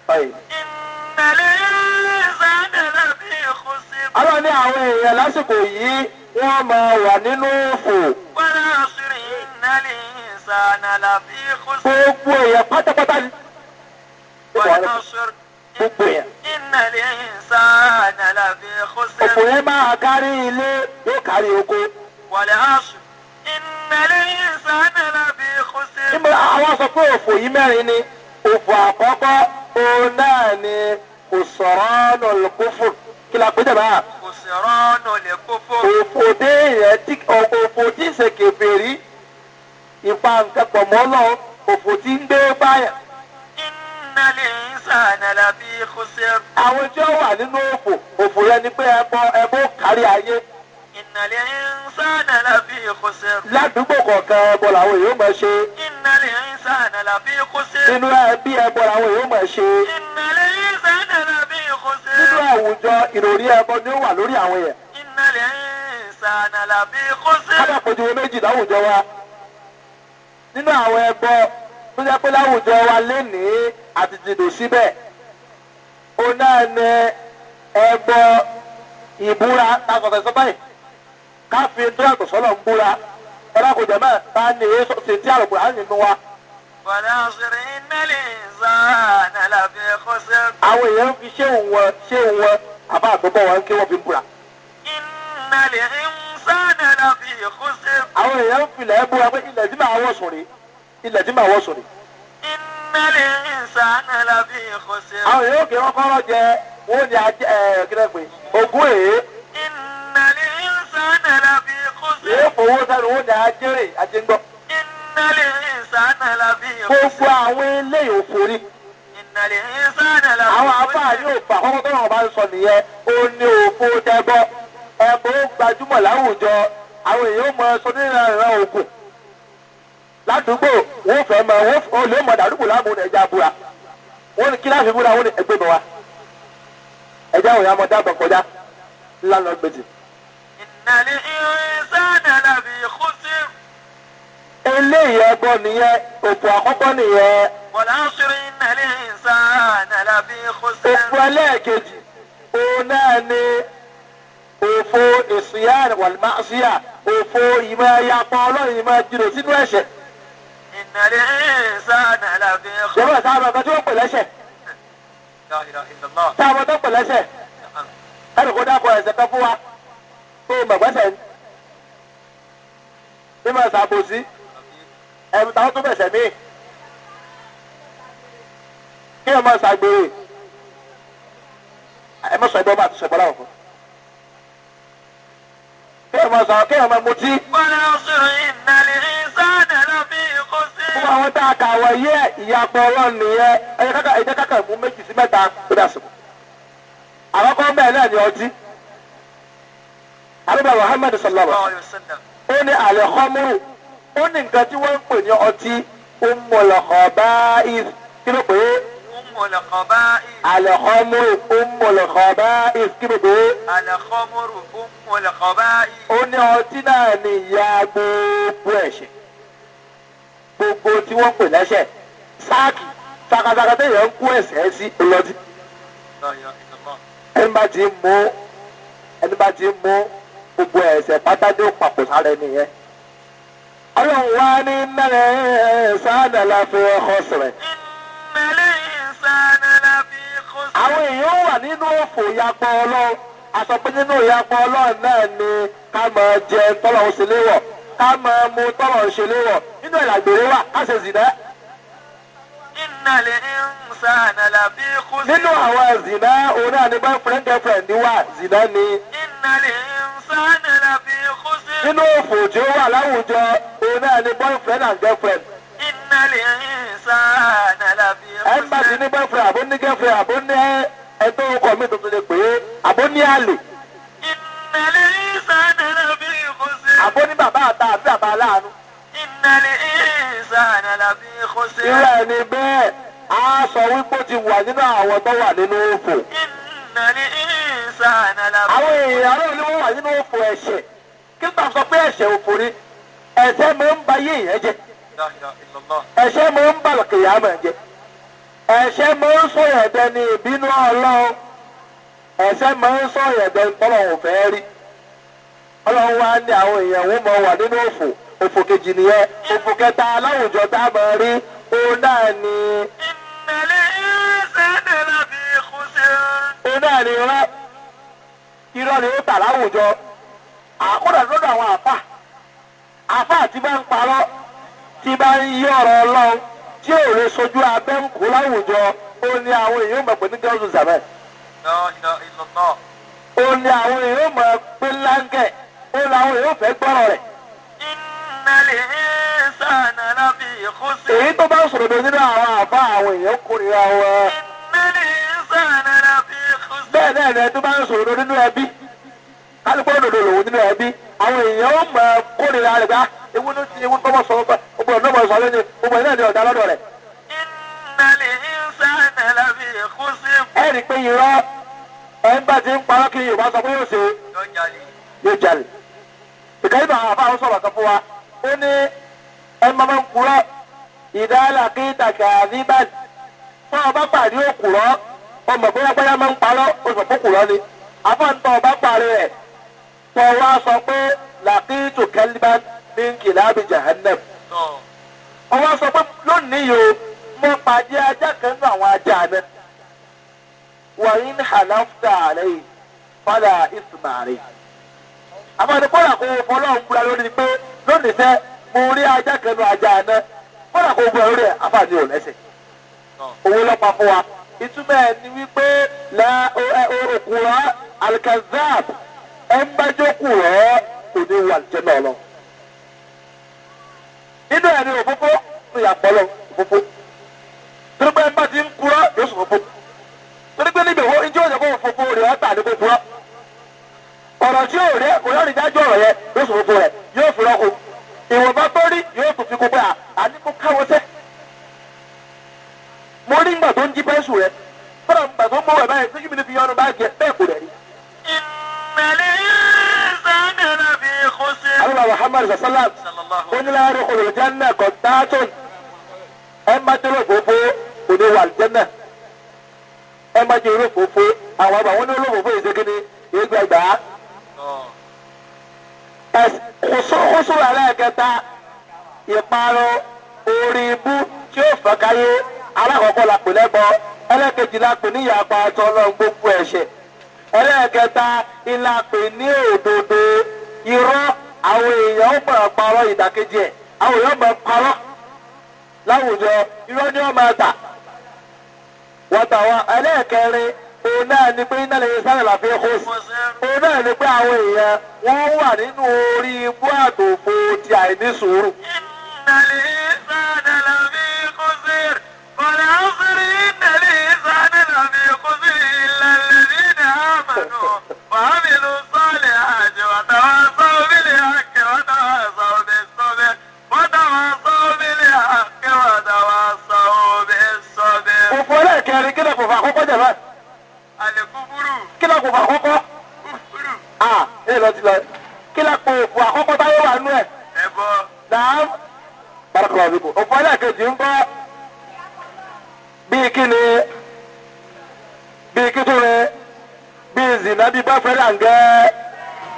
طيب إن الإنسان لفي خسر Ọlọ́run ní àwọn èèyàn lásìkò yìí wọ́n máa wà nínú òfò. والعصر إن الإنسان لفي خسر. Gbogbo èèyàn pátápátá ni. والعصر gbogbo yẹn. Inna l-insana lafi khusr. òpò yẹn máa kárí ilé yóò kárí oko. wal 'ashr. Inna àwọn sọ pé òfò yìí mẹ́rin ni òfò àkọ́kọ́ òun náà ni kò sọ̀rọ̀ ọ̀nà lókòfò kí la pè dàbà. kò sọ̀rọ̀ ọ̀nà lókòfò. òfòdé yẹn tí òfò tí ń ṣe kèfèrí ìpa nǹkan pọ̀ mọ́ lọ́wọ́ òfò tí ń gbé báyà. innal insana lafi khusr. àwọn tí ó wà nínú òfò òfò yẹn ni pé ẹbọ ẹbọ kárí ayé ìnàlẹ̀ ìnsánà làbí ìkọsẹ̀. ládùúgbò kọ̀ọ̀kan ẹbọ làwọn èèyàn máa ṣe. ìnàlẹ̀ ìnsánà làbí ìkọsẹ̀. nínú ẹbí ẹbọ làwọn èèyàn máa ṣe. ìnàlẹ̀ ìnsánà làbí ìkọsẹ̀. nínú àwùjọ ìròrí ẹbọ ni ó wà lórí àwọn yẹn. ìnàlẹ̀ ìnsánà làbí ìkọsẹ̀. kábà pèjú méjì láwùjọ wa nínú àwọn ẹbọ tó jẹ́ pé láwùjọ wa lénìí àti jìnnà síbẹ̀ òun náà ni ẹbọ ìbúra ta sọ báyìí káfí tó yàtọ̀ sọ́lọ̀ ń búra ẹ̀rọ kò jẹ̀mọ́ ta ni èyí sọ sí tí àlùkò láti nínú wa. bọ̀dásìrì nílì zánà làbí ẹ̀kọ́ sẹ́kù. àwọn èèyàn fi ṣéhùn wọn ṣéhùn wọn àbá àgbẹ̀bọ̀ wọn kí wọ́n fi búra. ìnàlẹ̀ ìmùsánà làbí ẹ̀kọ́ sẹ́kù. àwọn èèyàn filẹ̀ búra pé ilẹ̀ tí màá wọ̀ sùn rí ilẹ̀ tí màá wọ̀ sùn rí. ìnàlẹ̀ ìmùsánà làbí ẹ̀kọ́ sẹ́kù. àwọn èèyàn èèfowó sẹ́nu ó ní ajérè ajéńgbọ́. ìnàlẹ̀ ìsànà làbí gbogbo àwọn eléyìí ò forí. ìnàlẹ̀ ìsànà làbí àwọn yóò fà tó náà bá ń sọ nìyẹn ó ní tẹ́gbọ́ ẹ̀bùn gbajúmọ̀ láwùjọ àwọn èèyàn ó mọ ẹsọ ìran òkun ládùúgbò fẹ́ mọ lè mọ dàdúgbò láàbò ní ìnàlí ìrìnsẹ́nà làbí kùsìr. eléyìí ẹgbọ́n nìyẹn òpó àkọ́kọ́ nìyẹn. wọ̀lá ń ṣe ìnàlí ìrìnsẹ́nà làbí kùsìr. òpó ẹlẹ́ẹ̀kejì òun náà ni òfo ìsìyàn wàlmáṣíà òfo ìmọ̀ ẹ̀yà pọ̀ ọlọ́run ìmọ̀ ẹ̀jìnlẹ̀ sínú ẹ̀ṣẹ̀. ìnàlí ìrìnsẹ́nà làbí kùsìr. ìjọba ìsáàbà kan tí tó pè lẹ́ṣẹ̀. kó dákọ̀ ẹ̀ṣẹ̀ kan fún wa tó o mọ̀ gbẹ́sẹ̀ ní. bí mo ẹ̀rù táwọn tó bẹ̀sẹ̀ mí. kí ọmọ ṣàgbèrè ẹ mọ̀ sọ ẹgbẹ́ ọmọ àtúnṣe bọ́lá òkú. kí ọmọ sọ kí ọmọ mutí. wọ́n ní oṣù ìdálẹ́ ìsáàdẹ̀ bí ikú sí. fún àwọn tá a kà wọ yẹ ìyàpọ̀ ọlọ́run nìyẹn ẹ̀jẹ̀ kákà mú méjì sí mẹ́ta ó dà sùn. àwọn náà ni ọtí àbúrò Muhammad sallallahu alaihi wasallam ó ní àlẹ́ khamru ó ní nǹkan tí wọ́n ń pè ní ọtí ummul khaba'ith kí ló pè é. ummul khaba'ith. àlẹ́ khamru ummul khaba'ith kí ló pè é. àlẹ́ khamru ummul khaba'ith. ó ní ọtí náà ní ìyá gbogbo ẹ̀ṣẹ̀ gbogbo tí wọ́n pè lẹ́ṣẹ̀ sáàkì sakasaka téèyàn ń kú ẹ̀ṣẹ̀ sí ọlọ́tí. ẹni bá ti mú ẹni bá ti mú gbogbo ẹ̀ṣẹ̀ pátádé ó papò sára ẹni yẹn. ọlọ́run wá ní mẹ́rin sáàdà la fi ọkọ̀ sẹ̀rẹ̀. mẹ́rin sáàdà la fi ọkọ̀ sẹ̀rẹ̀. àwọn èèyàn wà nínú òfò ìyapọ̀ ọlọ́run àtọ̀pẹ́ nínú ìyapọ̀ ọlọ́run náà ni ká máa jẹ tọ́lọ̀ ń ṣe léwọ̀ ká máa mu tọ́lọ̀ ń ṣe léwọ̀ nínú ìlàgbèrè wà ká ṣe zìnà ìnàlẹ̀ ìnsànà làbí kú sí. nínú àwọn zina oní àdìgbà friend girlfriend wà zina ni. ìnàlẹ̀ ìnsànà làbí kú sí. nínú òfò tí ó wà láwùjọ oní àdìgbà friend and girlfriend. ìnàlẹ̀ ìnsànà làbí kú sí. ẹ̀ ń bá ní boyfriend àbó ní girlfriend àbó ní ẹ̀tọ́ ọkọ̀ mi tuntun lè pè é àbó ní àlè. ìnàlẹ̀ ìnsànà làbí kú sí. àbó ní bàbá àtà àbí bàbá aláàánú. ìnàlẹ̀ ìnsànà kana lafi khusr. irú ẹni bẹ́ẹ̀ á sọ wípé ti wà nínú àwọn tó wà nínú òfò. innal insana lafi. àwọn èèyàn náà ni wọ́n wà nínú òfò ẹ̀ṣẹ̀ kí n tàn sọ pé ẹ̀ṣẹ̀ òfò ni ẹ̀ṣẹ̀ mò ń ba yé èèyàn jẹ ẹ̀ṣẹ̀ mò ń ba lọ́kẹ̀yà mọ̀ jẹ ẹ̀ṣẹ̀ mò ń sọ ẹ̀dẹ̀ ní ìbínú Ọlọ́run ẹ̀ṣẹ̀ mò ń sọ ẹ̀dẹ̀ tọ́lọ̀ òfẹ́ rí Ọlọ́run wá ní àwọn èèyàn wọ́n mọ̀ wà nínú òfò òfò kejì nìyẹn òfò kẹta aláwùjọ tá a máa rí òun náà ni. ìmọ̀lẹ́ ìrẹsẹ̀ láti kú sí. òun náà ni irọ́ irọ́ ni ó tà láwùjọ àkúrò lọ́dọ̀ àwọn àfà àfà tí bá ń parọ́ tí bá ń yí ọ̀rọ̀ ọlọ́run tí ò lè sojú abẹ́ ń kú láwùjọ ó ní àwọn èèyàn mọ̀ pé ní gẹ́gẹ́ ọ̀sùn ó ní àwọn èèyàn mọ̀ pé láńgẹ̀ ó ní àwọn èèyàn fẹ́ gbọ́rọ̀ rẹ̀ èyí tó bá ń sọ̀rọ̀ lórí nínú àwọn àbá àwọn èèyàn kórìíra wọn. bẹ́ẹ̀ náà ni ẹni bá ń sọ̀rọ̀ lórí nínú ẹbí kálukú òdòdó lòun nínú ẹbí àwọn èèyàn ó mọ̀ kórìíra rẹ̀ gbá ah, ewu ló ti ewu tó bọ̀ sọ̀rọ̀ ọgbọ̀n ọ̀dọ́ bọ̀ sọ̀rọ̀ ní ọgbọ̀n náà ni ọ̀dà lọ́dọ̀ rẹ̀. ẹnì pé irọ́ ẹ̀ ń ó ní ẹmọmọ nkúrọ ìdáàlà kí ìtàkà àdìbàn tó ọba pàdé òkúrọ ọmọ bóyá bóyá máa ń parọ́ oṣù kúkúrọ ni àfọ̀ǹtọ̀ ọba parí rẹ̀ tó wá sọ pé làkìtù kẹlíbà ní kìláàbì jahannam ọwọ́ sọ pé lónìí yìí mo pàdé ajá kan nínú àwọn ajá mi wàyí ní hàlàfíà rẹ̀ fàlà ìsìmà àbáni kódà kó o fọlọ́run gbúra lórí pé lónìí sẹ́ mo rí ajá kẹnu ajá àná kódà kó o gbúra lórí ẹ̀ àfààní ò lẹ́sẹ̀ owó lọ́pàá fún wa ìtumọ̀ ẹ̀ ni wípé la òkùrọ̀ alkazab ẹ̀ ń bá jókòó kò ní wà jẹ́ náà lọ. nínú ẹ̀ ni òfófó ń yà pọ̀ lọ òfófó torí pé ẹ̀ ń bá ti ń kúrọ́ yóò sùn fófó torí pé níbi ìwọ ìjọ́ ìjọba òfófó rẹ̀ ọ́ tà ní kó kúrọ́ ọ̀rọ̀ tí yóò rí ẹ̀kọ́ yóò ọ̀rọ̀ yẹn yóò sọ gbogbo rẹ̀ yóò fi rọ́kù ìwọ̀nba tó rí yóò tún fi kó pé àníkó káwọ́ sẹ́. mo rí ìgbà tó ń jí bẹ́ẹ̀sù rẹ̀ fúnra mi gbàgbọ́ mọ́wọ́ ẹ̀ báyìí síjú mi ní fi yọnu báàgì ẹ̀ bẹ́ẹ̀ kò rẹ̀ rí. ìmẹ̀lẹ́ sàmìnà fi kó sí. alùpàá muhammad sallam onílàárí olùjánná kọ̀tàtún ẹ̀ má dúró gbogbo òde wà lùjánná má jẹ́ olófòófó àwọn àgbà wọn ní olófòófó ìṣègùn ní ìgbàgbà ọ̀ṣùwà lẹ́ẹ̀kẹta ìparun orí ibu tí ó alákọ̀ọ́kọ́ la pè lẹ́bọ ẹlẹ́ẹ̀kejì la ní ìyàpá gbogbo ẹ̀ṣẹ̀ ẹlẹ́ẹ̀kẹta ìlàpè ní òdodo irọ́ àwọn èèyàn ó ìdàkejì àwọn èèyàn láwùjọ ni òun náà ni pé iná lè sáré láfi kó sí òun náà ni pé àwọn èèyàn wọ́n wà nínú orí ibú àtòfo ti àìní sùúrù. iná lè sáré òfò àkọ́kọ́ ah ẹ lọ ti lọ kí lè po òfò àkọ́kọ́ táyé wà nú ẹ̀. ẹ bọ́. dàm bàrọ̀kọ̀ àbíkò òfò ẹlẹ́ẹ̀kejì ń bọ́ bíi kí ni bíi kíkúrẹ́ bíi zìnà bíi àǹgẹ́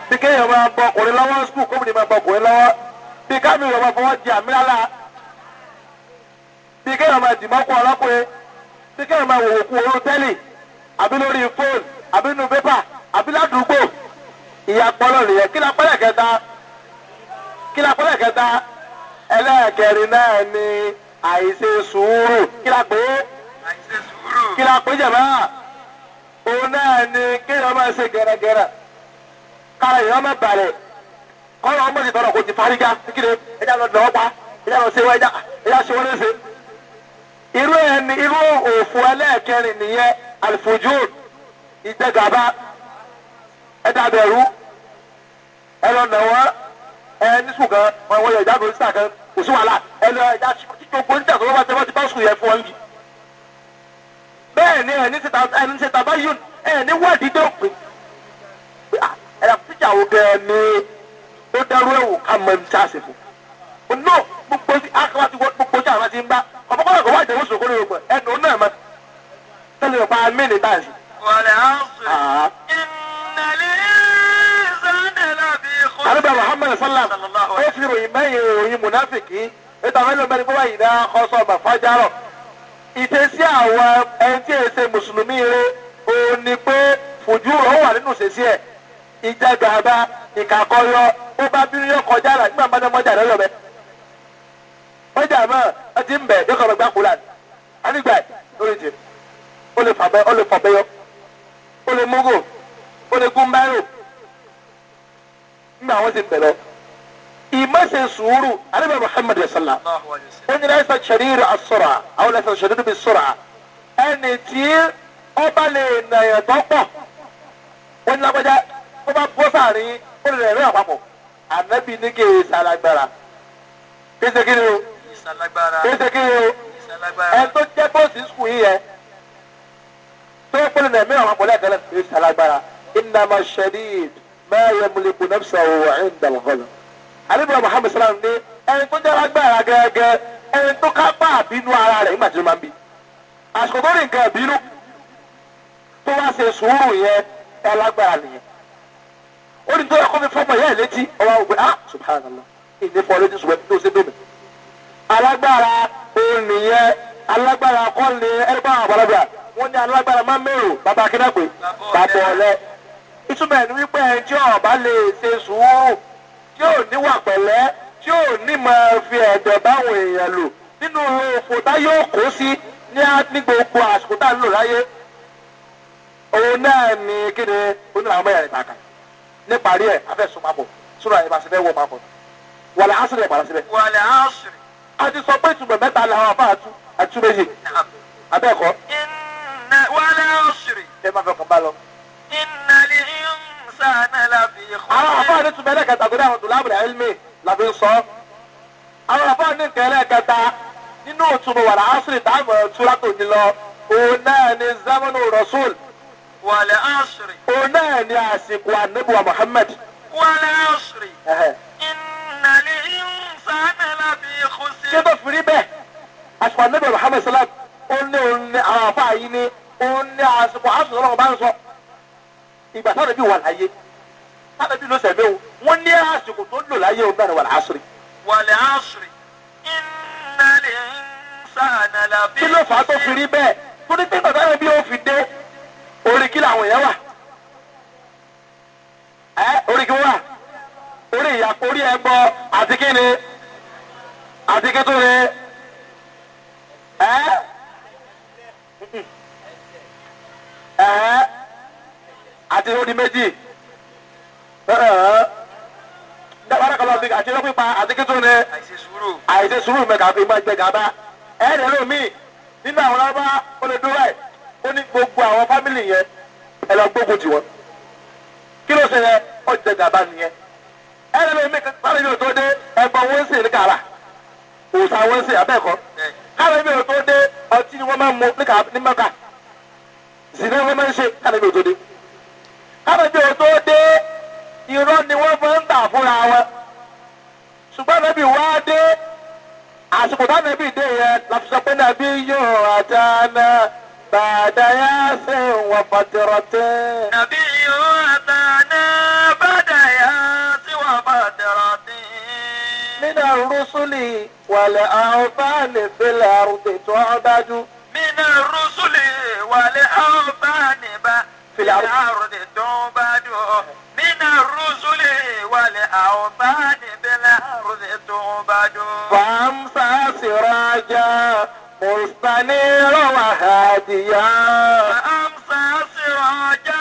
bí kéèyàn máa bọ ọkùnrin lọ́wọ́ skul kó mi máa bọ ọkùnrin lọ́wọ́ bí kámìrì ọmọ fọwọ́ di àmì lálá bí kéèyàn máa dìmọ́kù ọlọ́kùnrin bí kéèyàn máa wò ó kú tẹ́lì àbí lórí fóònù àbínú pépà àbíládùúgbò ìyàpọ̀lọ̀ nìyẹn kí lápẹ́lẹ̀ kẹta kí lápẹ́lẹ̀ kẹta ẹlẹ́ẹ̀kẹrin náà ni àìṣe sùúrù kí lápẹ́ àìṣe sùúrù kí lápẹ́ jẹ̀mọ́ òun náà ni kéèyàn máa ṣe gẹ̀rẹ́gẹ̀rẹ́ kára èèyàn máa balẹ̀ kọ́lọ́ ọmọ ti tọrọ kò ti fárígá kíkiri ẹja lọ dọ̀ ọ́ pa ẹja lọ ṣe wọ́n ẹja ẹja ṣe wọ́n léṣe irú ẹni irú òfò ẹlẹ́ẹ̀kẹrin nìyẹn àlùfòjúùn ìjẹgàba ẹdàbẹrù ẹlọnàwọ ẹnisùn kan wọn wọlé ìjánu sísà kan òsùn wàhálà ẹlọ ẹja gbogbo níta tó lọ́ba tẹ́wọ́ ti bá sùn yẹn fún ọ́n bì. bẹ́ẹ̀ ni ẹni ṣètà ẹni ṣètà bá yùn ẹni wọ́ọ̀dì tó pè é ẹ̀yà píjà wò gẹ́ẹ́ ni ó dárú ẹ̀wò ká mọ ẹni tá a ṣe fún. ọ̀nà gbogbo akọ́wá ti wọ́n gbogbo tí àwọn ti ń bá ọ̀pọ̀pọ̀ ọ̀gọ́wá ìdẹ̀wọ́sọ̀kọ́ lórí ọgbọ̀n ẹnu náà mọ́ tẹ́lẹ̀ ọ̀pá والعصر آه. إن الإنسان لفي خسر أربع محمد صلى الله عليه وسلم افروا يمين وهي منافقين ìtàwẹ́lẹ̀ mẹ́rin bó báyìí náà kọ́ sọ̀bà fájárọ̀ ìtẹ́sí àwọn ẹni tí èsè mùsùlùmí rẹ òun ni pé fòjú rọ̀ wà nínú ìṣesí ẹ̀ ìjẹgbàba ìkàkọyọ ó bá bínú yọ kọjá rà nígbà mọ́tò mọ́jà rẹ lọ́bẹ̀ mọ́jà mọ́ ẹ ti ń bẹ̀ yọkọ̀ ọ̀gbà kúlà nígbà lórí jẹ ó lè fàbẹ́ ó lè fọ̀bẹ́ yọ ó lè mógò ó lè gún báírò nígbà wọn ti bẹ̀rẹ̀ ìmọ̀ ṣe sùúrù ànábì Muhammad ṣẹlá ó ní láìsàn ṣẹ̀rìírì àsọ̀rà àwọn láìsàn ṣẹ̀rìírì bí sọ̀rà ẹni tí ọba lè nàyàn tó pọ̀ ó ní lágbájá ó bá bọ́ sáàrin ó lè rẹ̀ rẹ̀ àpapọ̀ ànábì ní kí èyí sálágbára kí ṣe kí o kí ṣe kí o ẹ tó jẹ́ bọ́ọ̀sì skul yìí yẹn pẹ́ẹ́pẹ́ẹ́ náà mìíràn àwọn àpọ̀lẹ́ àtẹ́lẹ̀ ní alágbára innama shadid ma yamliku nafsahu inda al-ghadab. alebura muhammed salam ní ẹni tó jẹ́ alágbára gẹ́gẹ́ ẹni tó kápá àbínú ara rẹ̀ nígbà tí ó máa ń bí. àsìkò tó ní nǹkan ìbínú tó wá ṣe sùúrù yẹn alágbára nìyẹn. ó ní tó yẹ kó fi fọmọ yẹn létí ah, ọwọ́ wọ́n ní alágbára máa ń mèrò bàbá akínápè bàbá ọ̀lẹ́ ìtumọ̀ ẹni wípé ẹni tí ọba lè ṣe sùúrù tí ò níwà pẹ̀lẹ́ tí ò ní máa fi ẹ̀dọ̀ báwọn èèyàn lò nínú òfò tá yóò kó sí ní gbogbo àsìkò tá à ń lò láyé òun náà ni kí ni oní àwọn ọmọ yẹn kàkà níparí ẹ̀ afẹ́sùn papọ̀ sórí àyè máa ṣe fẹ́ wọ papọ̀ wàlẹ̀ àṣírí ẹ̀ padà síbẹ̀. wàlẹ̀ àṣírí. a ti sọ pé ìtumọ̀ mẹ́ta làwọn àbá àtú àtú méjì abẹ́ẹ̀kọ́. in Inna wala usri. Ṣé máa fọkàn bá lọ? Inna li insana lafi khusr. Àwọn àfáà ní túnbẹ̀ lẹ́kẹ̀ta gbé àwọn tòlábùrẹ̀ ẹ̀lmì làbí sọ. Àwọn àfáà ní nǹkan ẹlẹ́kẹta nínú òtúnbọ̀ wàrà ásìrì táàmù ẹ̀túrà tó ní lọ. Òun náà ni Zamanu Rasul. Wàlẹ̀ ásìrì. Òun náà ni àsìkò ànábùwà Muhammad. Wàlẹ̀ ásìrì. Inna li insana lafi khusr. Ṣé tó fi bẹ́ẹ̀? Àsìkò ànábùwà Muhammad sallallahu òun ní òun ní àwọn àfa yìí ní òun ní àsopọ àsopọ Ọlọ́run bá ń sọ ìgbà táwọn ẹbí wà láyé táwọn ẹbí ló sẹmẹ o wọn ní àsìkò tó ń lò láyé òun náà wà láásìrì. wàlẹ̀ àásìrì iná lè ń sàánà làbí. kí ló fà á tó fi rí bẹ́ẹ̀ torí pé bàbá rẹ̀ bí ó fi dé orí làwọn èèyàn wà ẹ orí wà orí ìyá orí ẹgbọ àti kí ni àti kí tó ni ẹ̀ẹ́ àti lórí méjì ẹ̀ẹ́ dábàrà kan lọ́sìn àti lọ́ pípa àti kí tó ní àìsè sùúrù mẹ́ka fi máa jẹ gàba ẹ̀ẹ́dẹ̀ lómi nínú àwọn ọlọ́ba ó lè dúró ẹ̀ ó ní gbogbo àwọn fámìlì yẹn ẹ lọ gbógun tì wọ́n kí ló ṣe yẹ ó jẹ gàba nìyẹn ẹ̀ẹ́dẹ̀ lómi fámìlì yóò tó dé ẹ̀gbọ́n wọn sì ní kàrà òòsàn wọn sì abẹ́ẹ̀kọ́ káwọn ẹ̀mí yóò tó dé ọtí ni wọ́n máa mú ní mọ́ka ìní wọn máa ń ṣe kánábì ò tó dé irọ́ ni wọ́n máa ń tà fúnra wọn ṣùgbọ́n ànábì wá dé àsìkò tánábì dé yẹn láti nàbí yóò àtàná bàdà yá sí wọn fàtìrọ̀ tẹ́. nàbí yóò àtàná bàdà yá sí wọn fàtìrọ̀ tẹ́. nínú rusuli wàlẹ̀ àwọn fáàlì fìlà àrùtẹ̀ tó ọ̀dájú mina rusuli wàlẹ̀ àwọ̀bánibá fìlàrúdì dùnbàdù mina rusuli wàlẹ̀ àwọ̀bánibá fìlàrúdì dùnbàdù. fàmsà siraja mustanira wa hadiya. fàmsà siraja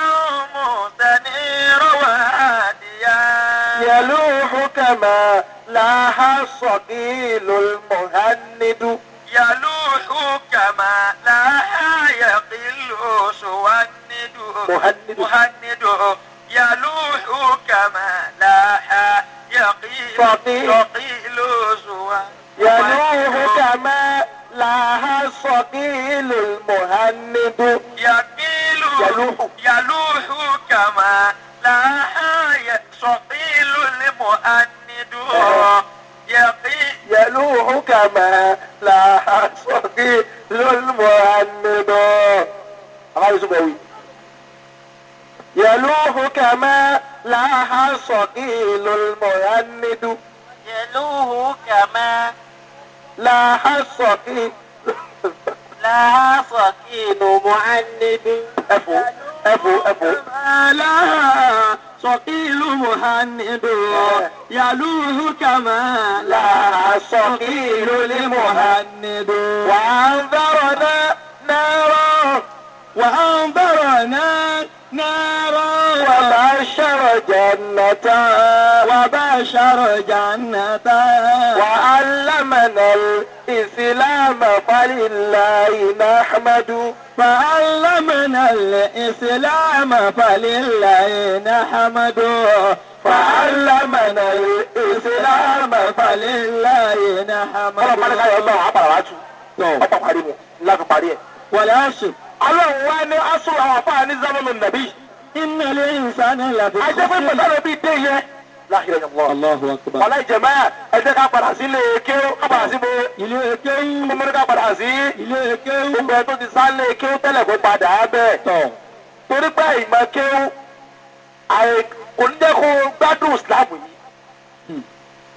mustanira wa hadiya. yẹlúhu kama láhà sọ̀kìlù mọ̀hánidu. yẹlúhu. كما لا يقل سوند مهند مهند يلوح كما لا يقل سوى يلوح كما لا صقيل المهند يقيل يلوح يلوح كما لا صقيل المهند يقيل يلوح كما لا الوحدي للمهند يلوه كما لاح الصقيل المهند يلوه كما لاح الصقيل لا صقيل مهند أفو أفو أفو صقيل محمد يلوه كما لا صقيل لمحمد وأنذرنا نارا وأنذرنا نارا وبشر جنته وبشر جنته وعلمنا الإسلام فلله نحمد فعلمنا الإسلام فلله نحمد فعلمنا الإسلام فلله نحمد. ọlọ́pàá ní ká yọ ọlọ́run á pàrọ̀ wá jù. ọ̀pọ̀ parí mu ńlá fi parí ẹ̀. wàlẹ́ àṣù ọlọ́run wá ní aṣọ àwọn afáà ní zamanu nàbí. iná ilé ìsàn ìlàbí. ajẹ́ pé pẹ̀lú bíi dé yẹn. láhìrì ọ̀gbọ́n ọ̀la ìjẹ̀mẹ́ ẹ jẹ́ ká padà sí ilé eke ká padà sí bo. ilé eke ń. mímúrí ká padà sí. ilé eke ń. gbogbo tó ti sá ilé eke tẹ́lẹ̀ kó padà á bẹ́ẹ̀. torí pé ìmọ̀ kéwú kò ní jẹ́ kó gbádùn islam yìí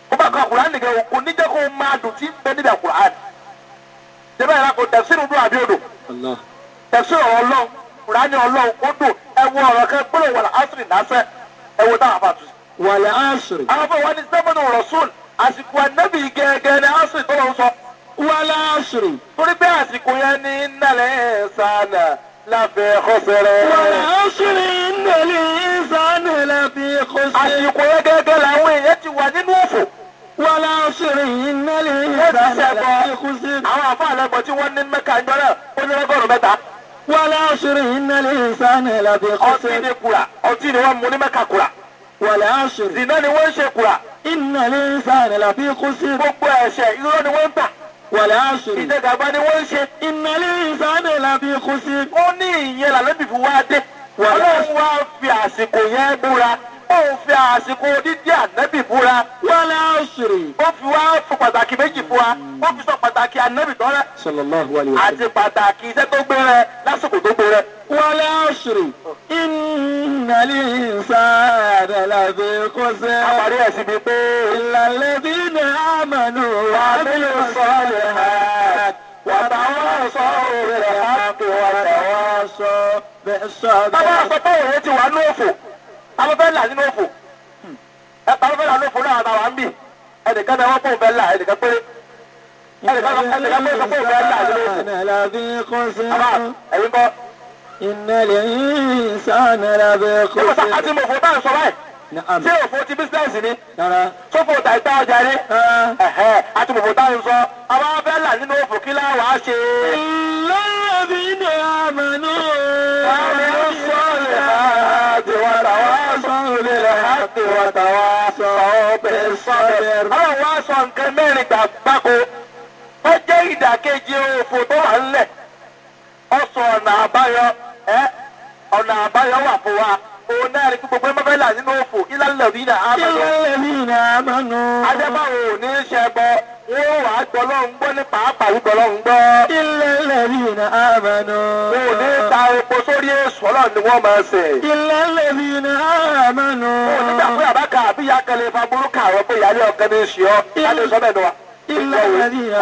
kó hmm. bá ka kuran nìkan kò ní jẹ́ kó máa dùn tí bẹ́ẹ̀ níbi àkùrán. jẹ́bẹ́ yàrá kò tẹ̀síìrì dùn àbí odò tẹ̀sí ọ̀rọ̀ ọlọ́run kùránì ọlọ́run ó dùn ẹ wo kan gbọ́dọ̀ wàlà asiri náfẹ́ ẹ táwọn afáàtú. wàlà asiri. àwọn afọ ni sẹ́mọ̀nù rọ̀ṣùn àsìkò ànábì gẹ́gẹ́ ni asiri tó lọ sọ. wàlà asiri. torí pé àsìkò yẹn ní nàlẹ́ sànà láfẹ́ kọsẹ̀rẹ̀. wàlà asiri nàlẹ́ sànà láfẹ́ kọsẹ̀rẹ̀. àsìkò yẹn gẹ́gẹ́ làwọn èèyàn ti wà nínú òfò wọ́n á ṣeré yìí nẹ́lẹ̀ yìí. àwọn àfọ Wala àṣírí iná lè sànà ìlàbí ọ̀sẹ̀. ọtí ni kura ọtí ni wọ́n mú ní mẹ́ka kura. wàlá àṣírí. zina ni wọ́n ń ṣe kura. iná lè sànà ìlàbí kùsìrì. gbogbo ẹ̀ṣẹ̀ irọ́ ni wọ́n ń tà wàlẹ̀ àṣírí. ìdẹ́gàba ni wọ́n ń ṣe. ìnàlẹ́ ìsáàdẹ̀ làbí kùsìrì. ó ní ìyẹn làlẹ́bí fi wá dé. wàlẹ́ àṣírí. ọlọ́run wá fi àsìkò yẹn búra òun fi àsìkò dídí ànábì búra. wọlé ọ̀sùrì. ó fi wá fún pàtàkì méjì fún wa ó fi sọ pàtàkì ànábì tọ́lẹ̀. sallallahu alaihi àti pàtàkì iṣẹ́ tó gbé rẹ lásìkò tó gbé rẹ. wọlé ọ̀sùrì. ìnàlí ìsàdà làbí kó sẹ́. àpárí ẹ̀ síbi pé. ìlànà bí ní àmàlù wà mí ló sọ ọ́ wàtàwọ́sọ òwe á sọ bẹ́ẹ̀. bàbá àpapọ̀ òwe ti wà ní òfò alọ́fẹ́ là nínú òfò ẹ̀ka alọ́fẹ́ là nínú òfò náà àtàwọn àmì ẹnìkan náà wọ́n pọ̀ fẹ́ là ẹnìkan péré ẹnìkan péré pọ̀ fẹ́ là nínú òfò. ẹ̀yin kọ́. ìnàlẹ̀ yìí sànà lábẹ́ kọ́sẹ́. ẹ ṣé òfò ti bísíǹsì ni sófò tà ìta ọjà ni àti bòbò táwọn sọ àwọn abẹ́là nínú òfò kí láwọn á ṣe. lọ́ọ̀bì ní àmàlú. àmì sọ lè máa ti wà tàwa sọ lè máa ti wà tàwa sọ ọbẹ̀ sọ̀rọ̀. àwọn wa sọ nǹkan mẹ́rin gbàgbáko ó jẹ́ ìdàkejì òfò tó wà ńlẹ̀ ọ̀sán ọ̀nà àbáyọ ọ̀nà àbáyọ wà fún wa òun náà rí gbogbo ẹ mọ́fẹ́lá nínú òfò ìlàlẹ́bìnà àmàlú. ìlàlẹ́bìnà àmàlú. adébáwo ò ní í ṣe bọ wọ́n wàá gbọ́ lọ́hùn gbọ́ ní pàápàá gbọ́ lọ́hùn gbọ́. ìlàlẹ́bìnà àmàlú. wọn ò ní ta epo sórí èso ọlọ́run ni wọ́n máa ṣe. ìlàlẹ́bìnà àmàlú. wọn ò ní gbà pé àbáka àbíyá kẹlẹ́ fagbórúkà àwọn pé ìyáálé ọ̀gá ní í ṣe ọ́ ilé ìwé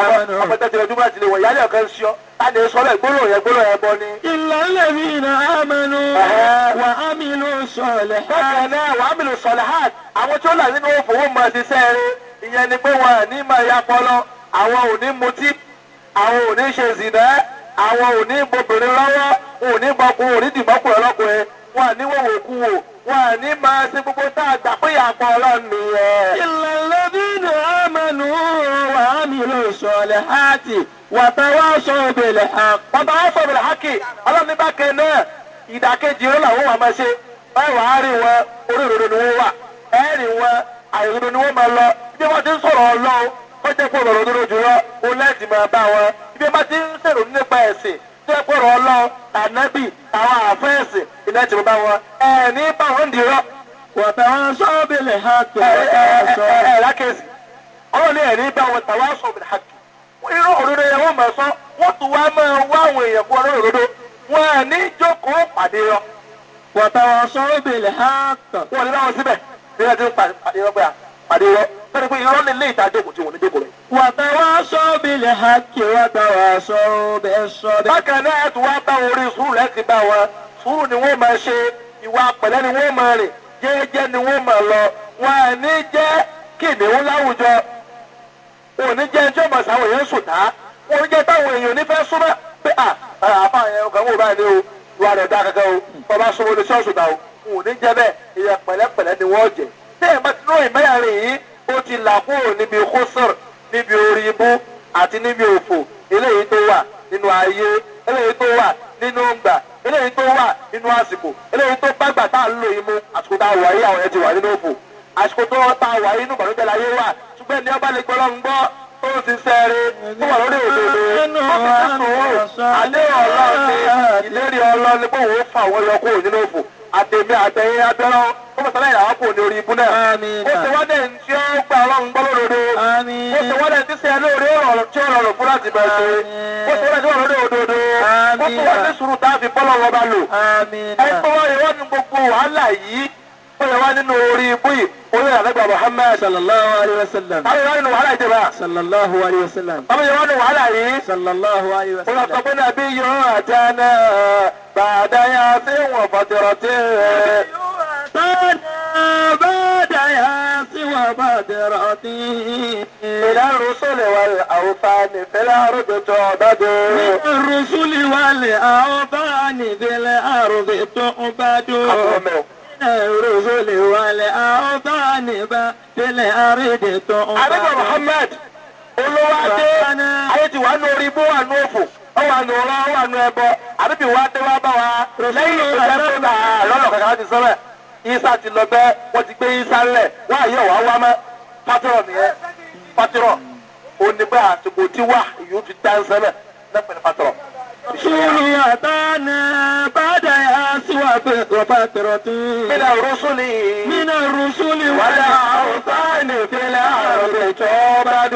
àpẹtẹtẹ ojúmọ́ àti ìwọ ìyálẹ̀ ọ̀kan sí ọ láti sọ́lẹ̀ gbólóhùn yẹn gbólóhùn yẹn bọ́ ni. ìlànà mi nà ámẹnu wà á mi lò sọ̀lẹ̀. bákan náà wà á mi lò sọ̀lẹ̀ hàn àwọn tí ó là nínú òfòwò mọ̀ sí sẹ́ẹ̀rẹ́ ìyẹn ni pé wọn ní máa ya pọlọ àwọn ò ní mutí àwọn ò ní ṣe zìnà àwọn ò ní bobìnrin lọ́wọ́ ò ní bọkùn ò ní dìbọ́kùn ọlọ́kùnrin wọn à wọn à ní máa ṣe gbogbo tá a gbà pé ìyàpọ̀ ọlọ́run nìyẹn. ìlànà bínú àmàlù wà á mi lò sọ̀lẹ̀ háàtì wàtàwá sọ̀bẹ̀lẹ̀ àkì. wàtàwá sọ̀bẹ̀lẹ̀ àkì ọlọ́run ní bákẹ́ náà ìdàkejì ó làwọn wà máa ṣe báwa á rí wọn oríire ni wọn wà ẹ wọn àìríire ni wọn máa lọ bí wọn ti ń sọ̀rọ̀ ọlọ́run ó jẹ́ pé ọ̀rọ̀ òdodo jùlọ tẹ́ pọ̀rọ̀ ọlọ́run ànábì àwọn àfẹ́ẹ̀sì iná ti bá wọn ẹ̀ ní bá wọn dìrọ́. wọ̀tà wọn sọ́ọ̀bìlì hàkì wọ́tà ẹ ẹ lákèsì ni ní wọn tàwọn irú yẹn wọ́n máa sọ wọ́n tún wá máa wá àwọn èèyàn kú wọn ní pàdé rọ. wọn wọ́n ní síbẹ̀ torí pé irọ́ lè lé ìtajọ́kù tí wọ́n ní dókòrò yìí. wàtàwá sọ bílẹ̀ hakì wàtàwá sọ bẹ́ẹ̀ sọ bẹ́ẹ̀. bákan náà ẹ̀tù wá bá orí sùúrù rẹ̀ ti bá wọn sùúrù ni wọ́n máa ṣe ìwà pẹ̀lẹ́ ni wọ́n máa rìn jẹ́ẹ́jẹ́ ni wọ́n máa lọ wọn à ní jẹ́ kìnìún láwùjọ wọn ní jẹ́ ẹjọ́ mọ̀ sáwọn èèyàn sùn tá wọn jẹ́ táwọn èèyàn ní súnmọ́ pé à àfa yẹn kàn wò báyìí o wà rẹ̀ dá kankan o bàbá ó ti là kúrò níbi kúsùr níbi orí ibú àti níbi òfò eléyìí tó wà nínú ayé eléyìí tó wà nínú ngbà eléyìí tó wà nínú àsìkò eléyìí tó bàgbà tá à lò yìí mú àsìkò tá a wà yìí àwọn yẹn ti wà nínú òfò àsìkò tó tá a wà yìí inú ìbànújẹ́ láyé wà ṣùgbọ́n ẹni ọba lè gbọ́lọ́ gbọ́ tó ń ṣiṣẹ́ tó wà lórí òdodo ó ti sùúrù àdéhùn ọlọ́ọ̀ni ìlérí ọlọ́ọ̀ni pé òun fà wọ́n yọ kúrò nínú òfò àtẹ̀mí àtẹ̀yìn abẹ́rọ́ ó ìyàwó kò ní orí ibú náà. ó ti wá dẹ̀ ń tí ó gba ọlọ́run gbọ́ lódodo. ó ti wá dẹ̀ tí sẹ́yìn lóore tí ó rọrùn fún láti bẹ̀rẹ̀ ṣe. ó ti wá dẹ̀ tí wọ́n lóde òdodo. ó ti wá dẹ̀ sùúrù tá a fi bọ́lọ̀ wọn bá lò. ẹ ó yẹ wá nínú orí bóyì orí àlẹ́gbà Muhammad sallallahu alayhi wa sallam. àwọn yẹn wá nínú wàhálà ìjọba. sallallahu alayhi wa sallam. àwọn yẹn wá nínú wàhálà yìí. sallallahu alayhi wa sallam. olùkọ́ bínú àbí yóò àtàná bàdáyà tí wọ́n fàtẹ̀rọ̀ tí. yóò àtàná bàdáyà tí wọ́n fàtẹ̀rọ̀ tí. إلى الرسل والأوطان في الأرض تعبد إلى الرسل والأوطان في الأرض تعبد الرسل والأوطان في الأرض تعمى أنا محمد olówó adé ayé ti wà nù orí bó wà wa ti sọ̀rọ̀ isa ti gbé isa lẹ wà wá mọ patrọ nìyẹn patrọ onígbà àtùkò tí yóò fi dá nsẹlẹ lẹpẹ ní patrọ. سوريتان بعد أسوة وفترة من الرسل من الرسل والأوطان في الأرض تعبد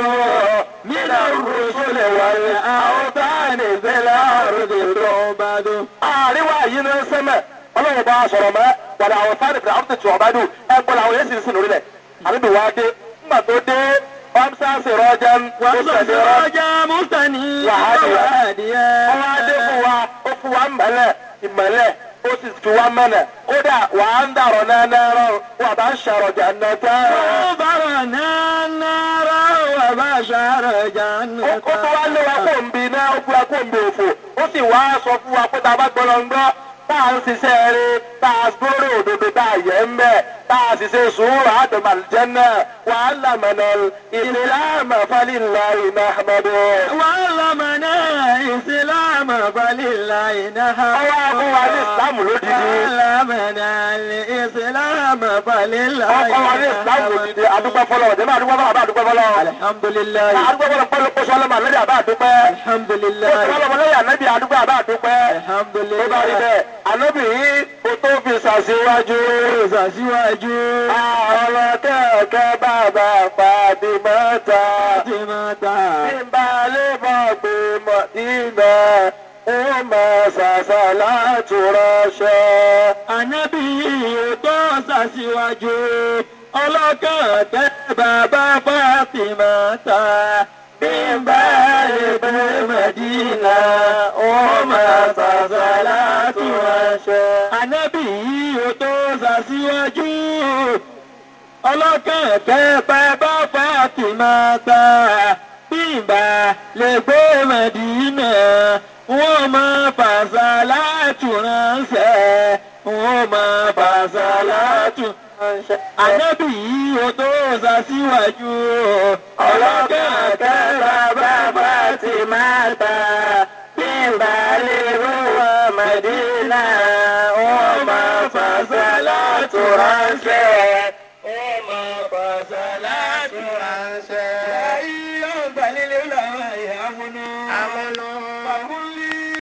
من الرسل والأوطان في الأرض تعبد أعرف وعي السماء ọlọ́run bá sọ̀rọ̀ mọ́ wàlẹ̀ àwọn fáànì fìlà ọ̀tún tí wọ́n bá dùn ẹ̀gbọ́n làwọn yẹn ọmsa sirọja mustani wahadiya ọwọ adé fún wa ó fún wa mẹlẹ ìmẹlẹ ó sì tu wa mẹlẹ kódà wà á ń dàrọ nánàrọ wà bá ń sàrọjà nàta. ó bàrọ̀ náà ó fura kó ó sì wá sọ fún wa pé tá a bá gbọ́ lọ ń gbọ́ tá a ń ṣiṣẹ́ eré tá a dúró òdodo tá a yẹ ń bẹ̀ tá a ṣiṣẹ́ sùúrù àdùnmọ̀ àlùjẹ́nà wà á làmọ̀nà ìsìláàmù fàlìláì nàhàmàdù. wà á làmọ̀nà ìsìláàmù fàlìláì nàhàmàdù. ọwọ́ àbúrò wa ní ìsìláàmù lódìdí. wà á làmọ̀nà ìsìláàmù fàlìláì nàhàmàdù. ọkọ wa ní ìsìláàmù lódìdí adúgbò fọlọ ọ̀dẹ́mọ̀ adúgbò fọlọ àbá adúgbò fọlọ. alihamudulilayi. adúgbò fọlọ pẹ̀lú alhamdulilayi. ó sọ ọmọlẹ́yìn anabi àdúgbò àbá àdúpẹ́. alhamdulilayi. ó bá rí bẹ́ẹ̀ anabi yìí o tó fi ṣàṣíwájú. ṣàṣíwájú. ọ̀rọ̀ kẹ̀kẹ́ bàbá Fátímátà. Fátímátà. ìbálẹ̀ bọ̀ pé mọ̀ ìgbà ọmọ sàṣà láti rọṣẹ. ànábì yìí tó ṣàṣìwájú ọlọ́kàn tẹ́ bàbá Fátímátà bí n bá lè dé Mẹ́dínà ó máa tàṣà látúnṣe. Ànábì yìí ó tó ṣàṣíwájú ọlọ́kàn kẹfà bá Fátímà ta bí n bá lè dé Mẹ́dínà wọ́n máa fàṣà látúnṣe wọ́n máa fàṣà látúnṣe. Anabi yìí o tó sá síwájú o. Ọlọ́kàn kẹ́ta bàbá ti máa ta. Bí n bá lè rówó wọ́n máa fàṣà látò